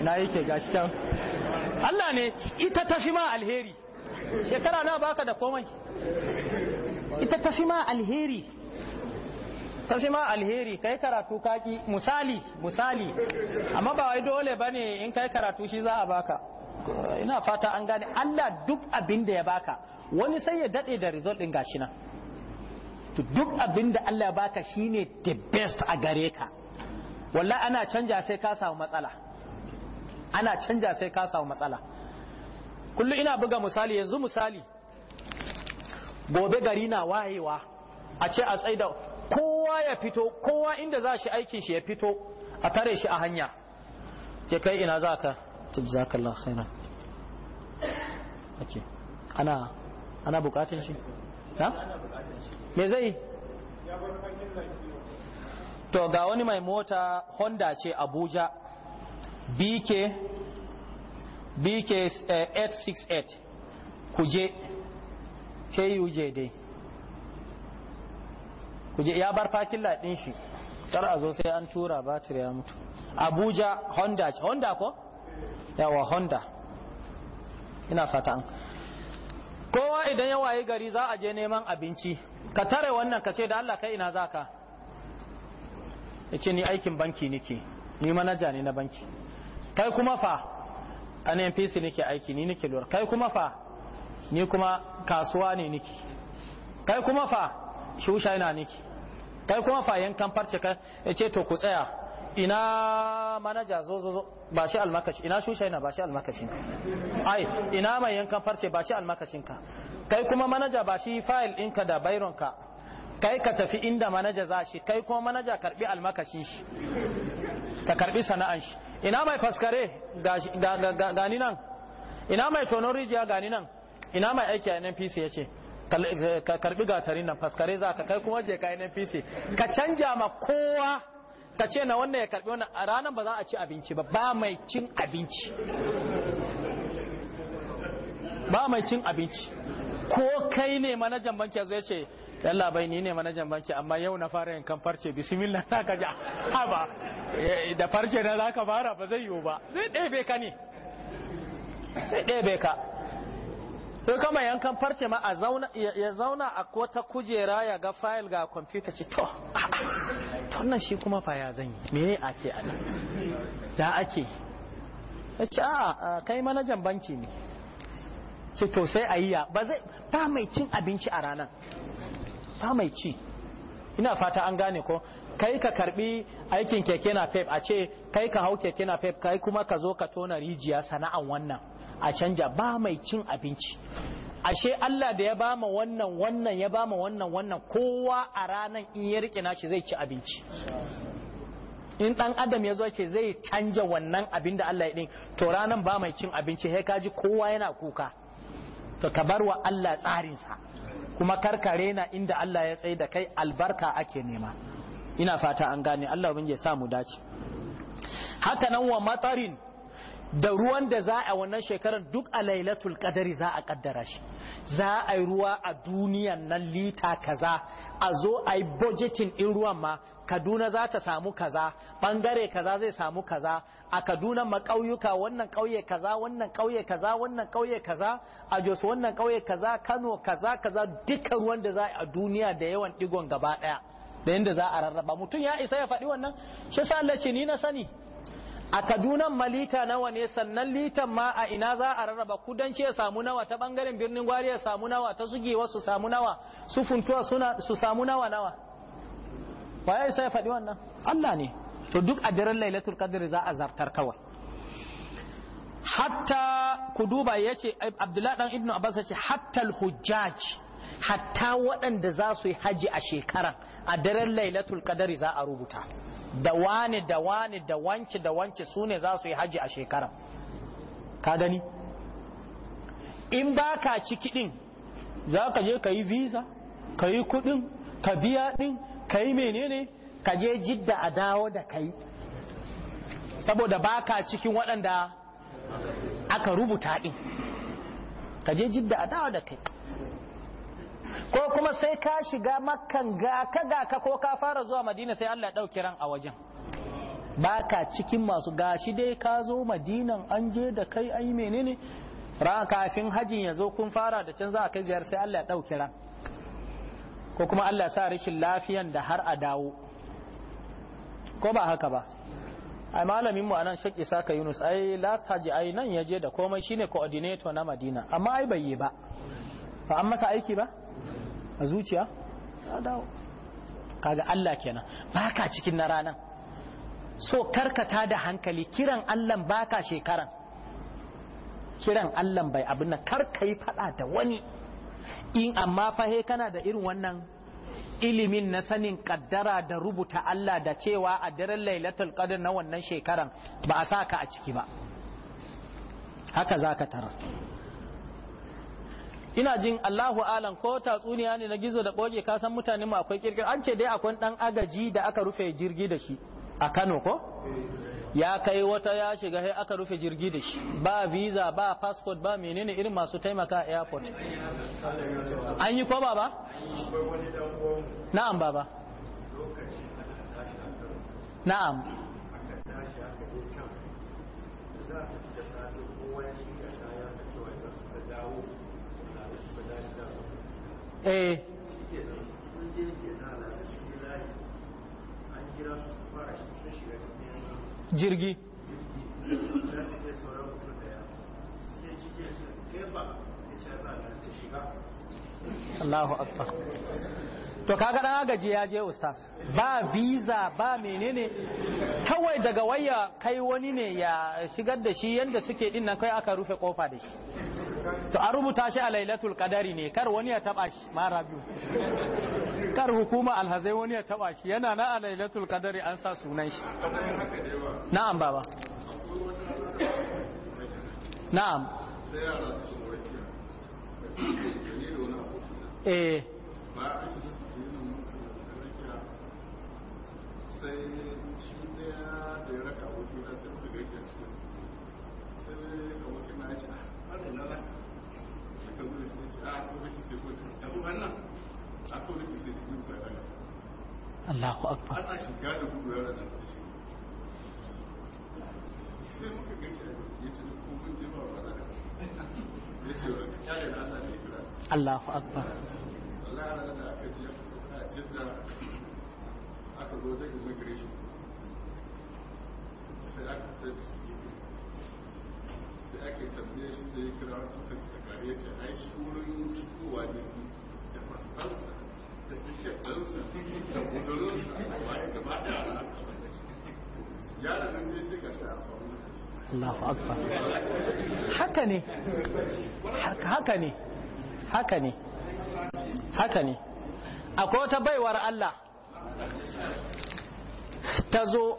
ina yake gashi can Allah ne ita tafi ma alheri shekara na baka da komai ita tafi ma alheri tafi ma alheri kai karatu kaki misali misali amma ba wai dole bane in kai karatu shi za a baka ina fata an gane Allah duk abin da ya baka wani sai ya dade da result din gashi nan to duk abin da Allah ya baka shine the best a gare ka wallahi ana canja sai ka samu matsala ana canja sai ka samu matsala kullu ina buga misali yanzu misali gobe gari na wayewa a ce a tsaida kowa ya fito kowa inda za shi aikin shi ya fito a tare shi a hanya ce kai ina za jazakallah khairan okay ana ana bukatun shi na me zai to ga wani mai mota honda ce abuja bk bk 868 eh, kuje kuje dai kuje ya bar fakin ladin shi tar a zo sai an tura batir ya mutu abuja honda honda ko yawa honda ina fatan kowa idan ya wayi gari za a je neman abinci ka tare wannan ka ce da Allah kai ina za ka ya ce ni aikin banki nike ni manaja ne na banki kai kuma fa an NPC nike aiki ni nike lura kai kuma fa ni kuma kasuwa ne nike kai kuma fa shusha ina nike kai kuma fa yankan farce ka yace ce to ku tsaya ina manaja zo zo ba shi almakashi ina shusha ina ba shi almakashin ai ina mai yankan farce ba shi almakashin ka kai kuma manaja ba shi in ɗinka da bayron ka kai ka tafi inda manaja za shi kai kuma manaja karbi almakashin shi ka karbi sana'an shi ina mai faskare gani nan ina mai tonon rijiya gani nan ina mai aiki a NPC ya ce ka karbi gatarin nan faskare za ka kai kuma je ka NPC ka canja ma kowa ka ce na wannan ya karbi wannan a ranar ba za a ci abinci ba ba mai cin abinci ba mai cin abinci ko kai ne manajan banki ya zo ya ce yan labai ni ne manajan banki amma yau na fara yankan farce bismillah za ka ji haba eh, da farce na za ka fara ba zai yiwu ba zai ɗebe ka ne zai ɗebe ka sai kama yankan farce ma a zauna ya zauna a kota kujera ya ga fayil ga kwamfuta ce to tunan shi kuma fa ya zan yi me ake ana da ake ya ce a kai manajan banki ne ce to sai a yi ya ba zai ba mai cin abinci a ranar ba mai ci ina fata an gane ko kai ka karbi aikin keke na pep a ce kai ka hau keke na pep kai kuma ka zo ka tona rijiya sana'an wannan a canja ba mai cin abinci ashe Allah da ya bama wannan wannan ya bama wannan wannan kowa a ranan in ya rike nashi zai ci abinci in dan adam ya zo ke zai canja wannan abin da Allah ya din to ranan ba mai cin abinci sai kaji kowa yana kuka to ka bar wa Allah tsarinsa kuma karkare na inda Allah ya tsaye da kai albarka ake nema ina fata an gane Allah ubangiji ya sa mu dace Hakanan wa matarin da ruwan da za a wannan shekarar duk a lailatul qadari za a kaddara shi za a yi ruwa a duniyan nan lita kaza a zo a yi budgeting din ruwan ma kaduna za ta samu kaza bangare kaza zai samu kaza a kaduna makauyuka wannan kauye kaza wannan kauye kaza wannan kauye kaza a jos wannan kauye kaza kano kaza kaza dukkan ruwan da za a duniya da yawan digon gaba daya da yanda za a rarraba mutum ya isa ya faɗi wannan shi sa Allah ce ni na sani a kadunan ma lita nawa ne sannan litan ma a ina za a rarraba kudanci ya samu nawa ta bangaren birnin gwari ya samu nawa ta sugewa su samu nawa su funtuwa su samu nawa nawa ba ya isa ya faɗi wannan Allah ne to duk a daren lailatul kadir za a zartar kawai hatta ku duba yace Abdullahi dan Ibn Abbas ce hatta al-hujjaj hatta waɗanda za su yi haji a shekaran a daren lailatul qadr za a rubuta da wani da wani da wanci da wanci su ne za su yi haji a shekara ka gani in ba ka ciki ɗin za ka je ka yi visa ka yi kuɗin ka biya ɗin ka yi menene ka je jidda a dawo da kai saboda ba ka cikin waɗanda aka rubuta ɗin ka je jidda a dawo da kai ko kuma sai ka shiga makkan ga ka ga ka ko ka fara zuwa madina sai Allah ya ɗauki ran a wajen ba ka cikin masu gashi dai ka zo madinan an je da kai ai menene ran kafin hajin ya zo kun fara da can za a kai ziyar sai Allah ya ɗauki ran ko kuma Allah sa rashin lafiyan da har a dawo ko ba haka ba ai malamin mu anan shakki Isaka Yunus ai last haji ai nan yaje da komai shine coordinator na Madina amma ai bai yi ba ba an masa aiki ba a zuciya ya dawo kaga Allah kenan baka cikin na ranan so karkata da hankali kiran Allah baka shekaran kiran Allah bai abin nan karka yi fada da wani in amma fahe kana da irin wannan ilimin na sanin kaddara da rubuta Allah da cewa a daren lailatul qadr na wannan shekaran ba a saka a ciki ba haka zaka tara. ina jin Allahu alam ko tatsuniya ne na gizo da koge ka san mutane mu akwai kirkir an ce dai akwai dan agaji da aka rufe jirgi da shi a Kano ko ya kai wata ya shiga sai aka rufe jirgi da shi ba visa ba passport ba menene irin masu taimaka a airport an yi ko baba na'am baba na'am eh jirgi Allahu akbar to kaga dan agaji ya je ustaz ba visa ba menene kawai daga waya kai wani ne ya shigar da shi yanda suke din nan kai aka rufe kofa da shi to an rubuta shi a lailatul qadari ne kar wani ya taba shi mara biyu kar hukuma alhazai wani ya taba shi yana na a lailatul qadari an sa sunan shi na'am baba na'am eh sai da shi ce a zo a Allahu akbar da gudu ya shi sai muka ga shi ya ce ba ya ce ya da Allah ne kira Allahu akbar Allah ya da aka ji aka zo da immigration sai aka da ake tambaye shi sai kira shi shi da da da gaba da nan sai faru Akbar haka ne haka ne haka ne haka ne akwai wata baiwar Allah ta zo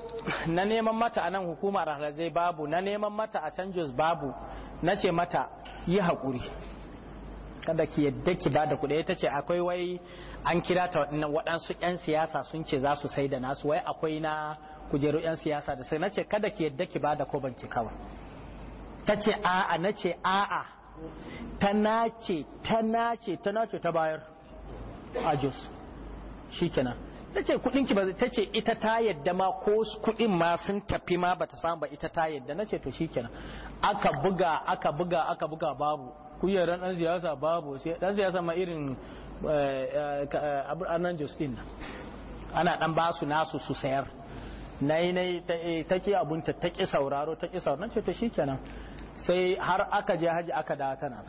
na neman mata a nan hukumar rahrazai babu na neman mata a can Jos babu na ce mata yi haƙuri kada ki yadda ki bada kuɗi ita ce akwai wai an kira ta waɗansu 'yan siyasa sun ce za su sai da nasu wai akwai na kujeru 'yan siyasa da sai na ce kada ki yadda ki bada ko banki kawai ta ce a'a na ce a'a ta nace ta nace ta nace ta bayar a jos shikenan ce kudin ki ba ce ita ta yadda ma ko kudin ma sun tafi ma bata samu ba ita ta yadda nace to shikenan aka buga aka buga aka buga babu kujeran dan siyasa babu sai dan siyasa ma irin eh, eh, eh, anan Justin ana dan basu nasu su sayar nai-nai nayi abun ta abunta ki sauraro ki sauraro nace to shikenan sai har aka je haji aka dawo tana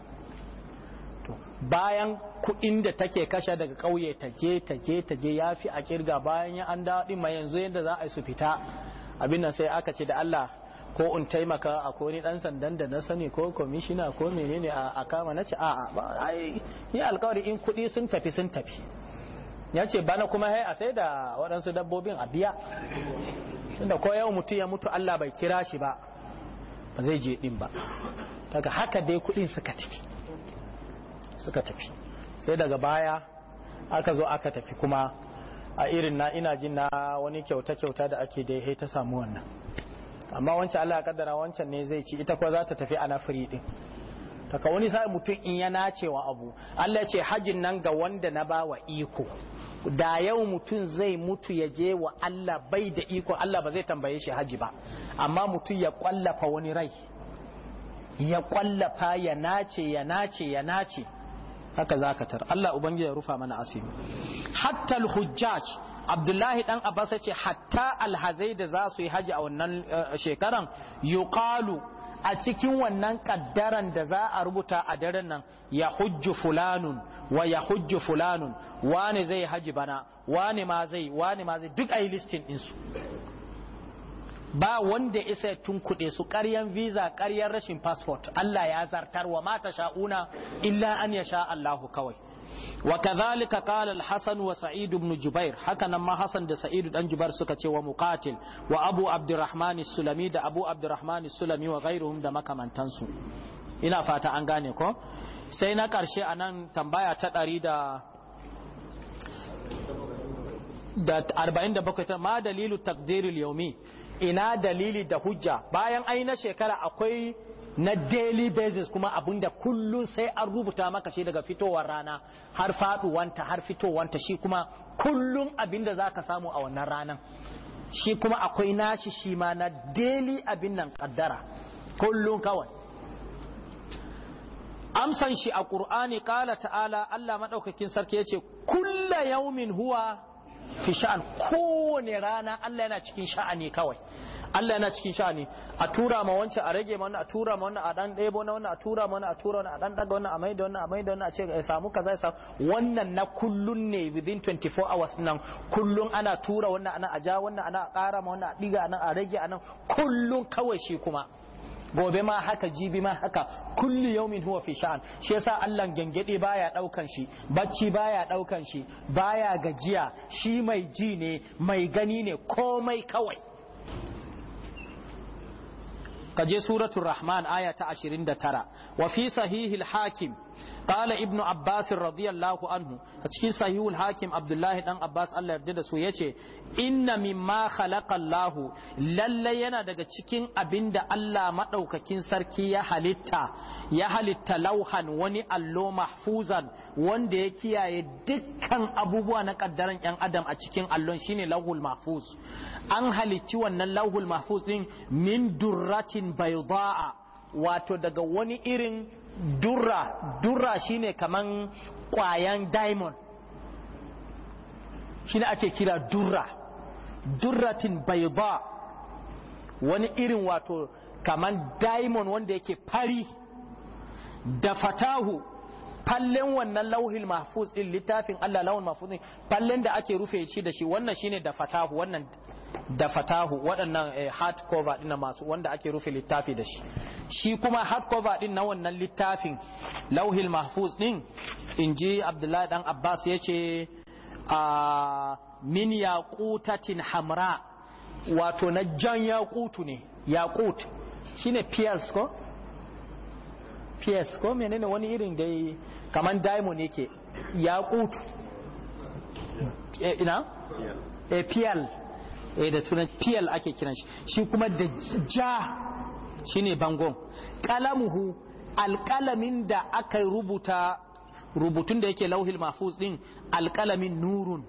bayan kuɗin da take kashe daga kauye ta je ta je ta je ya fi a kirga bayan ya an daɗi ma yanzu yadda za a yi su fita abin nan sai aka ce da Allah ko in taimaka a ko ni dan sandan da na sani ko komishina ko menene a kama na ce a'a ba yi alkawari in kuɗi sun tafi sun tafi ya ce bana kuma hai a sai da waɗansu dabbobin a biya tunda ko yau mutum ya mutu Allah bai kira shi ba ba zai je ɗin ba daga haka dai kuɗin suka tafi suka tafi sai daga baya aka zo aka tafi kuma a irin na ina jin na wani kyauta-kyauta da ake da ta samu wannan amma wancan Allah ya kaddara wancan ne zai ci ita kuwa za ta tafi ana firi din daga wani sai mutum in ya nacewa abu Allah ya ce hajin nan ga wanda na ba wa iko da yau mutum zai mutu ya je wa Allah bai da iko Allah ba zai tambaye shi haji ba amma mutum ya kwallafa wani rai ya kwallafa ya nace ya nace ya nace haka ka tara Allah ubangiji ya rufa mana asiri hatta al-hujjaj Abdullahi dan Abbas ya ce hatta alhazai da za su yi haji a wannan eh, shekaran yuqalu a cikin wannan kaddaran da za a rubuta a daren nan ya hujju fulanun wa ya hujju fulanun wane zai haji bana wane ma zai wane ma zai duk ayi listin din su ba wanda isa ya tunkuɗe su ƙaryan visa ƙaryan rashin passport Allah ya zartar wa mata sha'una illa an ya sha Allahu kawai wa kadhalika qala al-hasan wa sa'id ibn jubair haka nan ma hasan da sa'id dan suka ce wa muqatil wa abu abdurrahman sulami da abu abdurrahman sulami wa ghairuhum da makamantansu ina fata an gane ko sai na karshe anan tambaya ta ɗari da da ma dalilu taqdiril yawmi ina dalili da hujja bayan ai na shekara akwai na daily basis kuma abinda kullun sai an rubuta maka shi daga fitowar rana har faduwanta har fitowanta shi kuma kullun abinda za ka samu a wannan ranan shi kuma akwai nashi shi ma na daily abin nan kaddara kullun kawai amsan shi a ƙurani qala ta'ala Allah madaukakin sarki yace kullu yawmin huwa fi sha'an kowane rana Allah yana cikin sha'ani kawai Allah yana cikin sha'ani a tura ma wancan a rage ma wannan a tura ma wannan a dan ɗebo na wannan a tura ma wannan a tura wannan a dan daga wannan a maida wannan a maida wannan a ce ya samu kaza ya samu wannan na kullun ne within 24 hours nan kullun ana tura wannan ana a ja wannan ana a ƙara ma wannan a a nan a rage a nan kullun kawai shi kuma gobe ma haka jibi ma haka kullu yaumin huwa fi sha'an shi yasa Allah gangade baya daukan shi bacci baya daukan shi baya gajiya shi mai ji ne mai gani ne komai kawai kaje suratul rahman aya ta 29 wa fi sahihil hakim qala ibnu abbas radiyallahu anhu a cikin sahihul hakim abdullahi dan abbas Allah yarda da su yace inna mimma khalaqa Allah yana daga cikin abinda Allah madaukakin sarki ya halitta ya halitta lauhan wani allo mahfuzan wanda ya kiyaye dukkan abubuwa na kaddaran yan adam a cikin allon shine lauhul mahfuz an halicci wannan lawhul mahfuz din min durratin bayda'a wato daga wani irin durra durra shine kaman kwayan diamond shine ake kira durra durratin bayda wani irin wato kaman diamond wanda yake fari da fatahu fallen wannan lauhin mahfuz din littafin Allah lawan mahfuz din fallen da ake rufe shi da shi wannan shine da fatahu wannan da fatahu waɗannan eh, hard cover ɗin masu wanda ake rufe littafi da shi shi kuma hard cover ɗin na wannan littafin lauhil mahfuz ɗin in ji abdullahi dan abbas ya ce a min yaƙutatin hamra wato na jan yaƙutu ne shi shine piers ko piers ko menene wani irin yi kamar diamond yake yaqutu eh, ina e eh da sunan pl ake kiran shi shi kuma da ja shine bangon kalamuhu alkalamin da aka rubuta rubutun da yake lauhil mahfuz din alkalamin nurun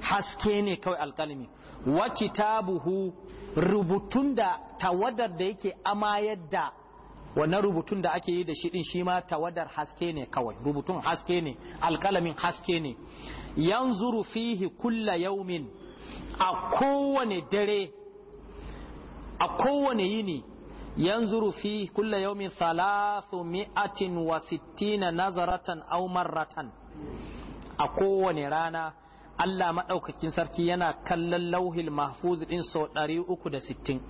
haske ne kawai alkalami wa kitabuhu rubutun da tawadar da yake amayar da wannan rubutun da ake yi da shi din shi ma tawadar haske ne kawai rubutun haske ne alkalamin haske ne yanzuru fihi kulla yaumin a kowane dare a kowane yini yanzuru fi kulla yaumin thalathu mi'atin wa sittina nazaratan au marratan a kowane rana Allah maɗaukakin sarki yana kallon lauhil mahfuz ɗin sau ɗari uku da sittin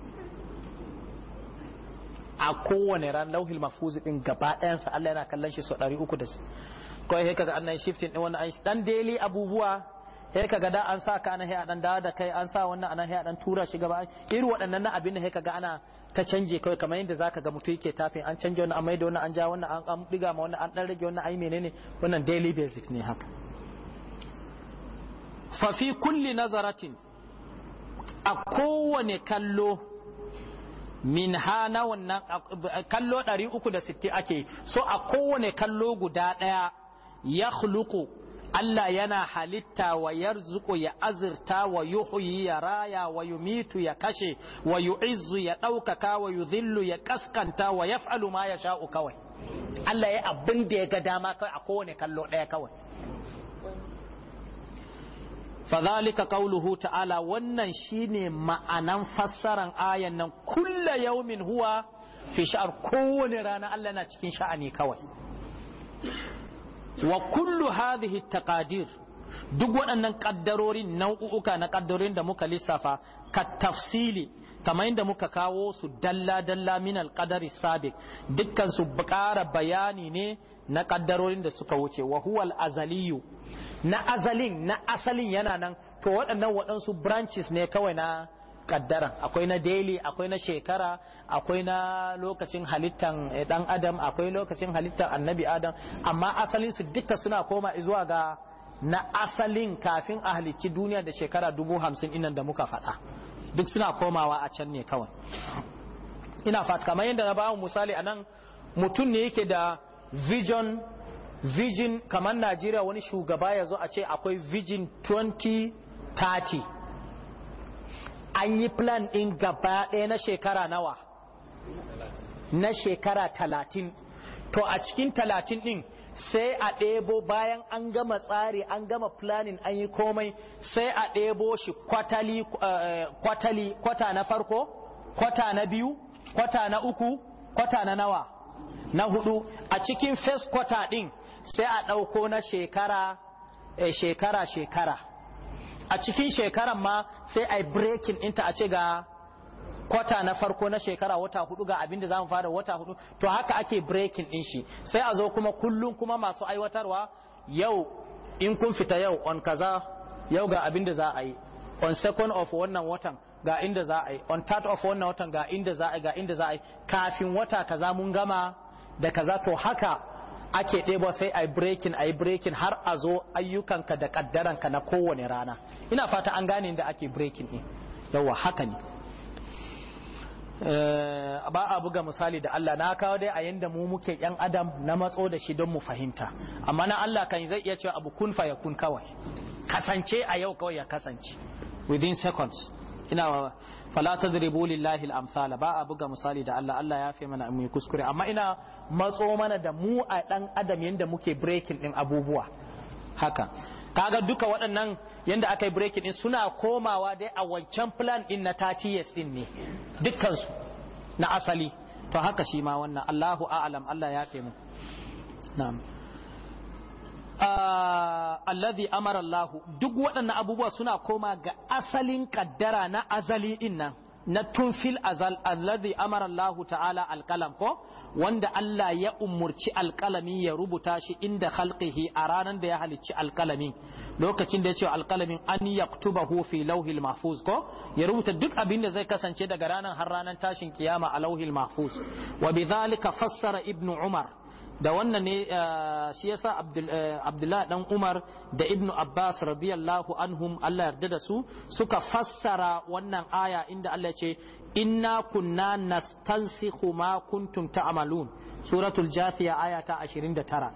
a kowane ran lauhil mahfuz ɗin gaba ɗayansa Allah yana kallon shi sau ɗari uku da sittin kawai sai an annan shifting ɗin wani ɗan daily abubuwa sai ga da an sa ka anahi a dan dawo da kai an sa wannan anahi a dan tura shi gaba irin waɗannan na abin da sai ga ana ta canje kai kamar yadda zaka ga mutum yake tafin an canje wannan an maida wannan an ja wannan an diga ma wannan an dan rage wannan ai menene wannan daily basic ne haka fa fi kulli nazaratin a kowane kallo min hana wannan kallo 360 ake so a kowane kallo guda daya ya khluqu Allah yana halitta wa yarzuku ya azirta wa yuhuyi ya raya wa yumitu ya kashe wa yu'izzu ya ɗaukaka wa yuzillu ya kaskanta wa yaf'alu ma yasha'u kawai Allah ya abin da ya ga dama kai a kowane kallo ɗaya kawai fadhalika qauluhu ta'ala wannan shine ma'anan fassaran ayan nan kullu yawmin huwa fi sha'ar kowane rana Allah na cikin sha'ani kawai wa kullu hadhihi taqadir duk waɗannan ƙaddarorin nau'uka na ƙaddarorin da muka lissafa ka tafsili kama yadda muka kawo su dalla-dalla min alƙadari sabik dukkan su bayani ne na ƙaddarorin da suka wuce wa huwal azaliyu na azalin na asalin yana nan to waɗannan waɗansu branches ne kawai na Kaddara akwai na daily akwai na shekara akwai na lokacin halittan dan eh, adam akwai lokacin halittan annabi adam amma asalin su duka suna koma zuwa ga na asalin kafin a halicci duniya da shekara dubu hamsin inan da muka faɗa duk suna komawa a can ne kawai ina fata kamar yadda na bawa misali a nan mutum ne yake da vision vision kamar najeriya wani shugaba ya zo a ce akwai vision 2030 an yi plan ɗin gaba ɗaya na shekara nawa na shekara talatin to a cikin talatin ɗin sai a ɗebo bayan an gama tsari an gama planning an yi komai sai a ɗebo shi kwatali eh, kwata na farko kwata na biyu kwata na uku kwata na nawa na hudu a cikin first kwata ɗin sai a ɗauko na shekara eh, shekara shekara a cikin shekaran ma sai a yi breaking inta a ce ga kwata na farko na shekara wata hudu ga abin da za mu fara wata hudu to haka ake breaking din shi sai a zo kuma kullum kuma masu aiwatarwa yau in kun fita yau on kaza yau ga abin da za a yi on second of wannan watan ga inda za a yi on third of wannan watan ga inda za a yi ga inda za a yi kafin wata kaza mun gama da kaza to haka ake ɗebo sai a breaking a breaking har a zo ayyukanka da ƙaddaranka na kowane rana ina fata an gane da ake breaking ɗin yawa haka ne eh, ba a buga misali da Allah na kawo dai a yadda mu muke yan adam na matso da shi don mu fahimta amma na Allah kan zai iya cewa abu kun fa ya kun kawai kasance a yau kawai ya kasance within seconds ina fala tadribu lillahi al-amsala ba a buga misali da Allah Allah ya fi mana mu kuskure amma ina matso mana da mu a dan adam yanda muke breaking din abubuwa haka kaga duka waɗannan yanda aka yi breaking din suna komawa dai a wancan plan din na 30 years din ne dukkan na asali to haka shi ma wannan Allahu a'lam Allah ya fi mu na'am alladhi amara Allah duk waɗannan abubuwa suna koma ga asalin kaddara na azali innan na tun fil azal alladhi amara Allah ta'ala alqalam ko wanda Allah ya umurci alqalami ya rubuta shi inda khalqihi a ranar da ya halicci alqalami lokacin da ya ce alqalamin an yaktubahu fi lauhil mahfuz ko ya rubuta duk abin da zai kasance daga ranar har ranar tashin kiyama a lauhil mahfuz wa bidhalika fassara ibnu umar da wannan ne eh, shi yasa eh, abdullahi dan umar da ibnu abbas radiyallahu anhum allah yarda da su suka fassara wannan aya inda allah ce inna kunna nastansikhu ma kuntum ta'malun suratul jathiya aya ta 29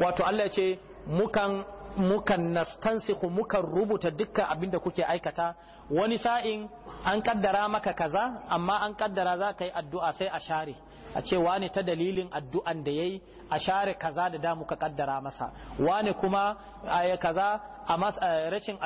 wato allah ce mukan mukan nastansikhu mukan rubuta dukkan abinda kuke aikata wani sa'in an kaddara maka kaza amma an kaddara za ka yi addu'a sai a share a ce wane ta dalilin addu'an da yayi a share kaza da da muka kaddara masa wane kuma a kaza a rashin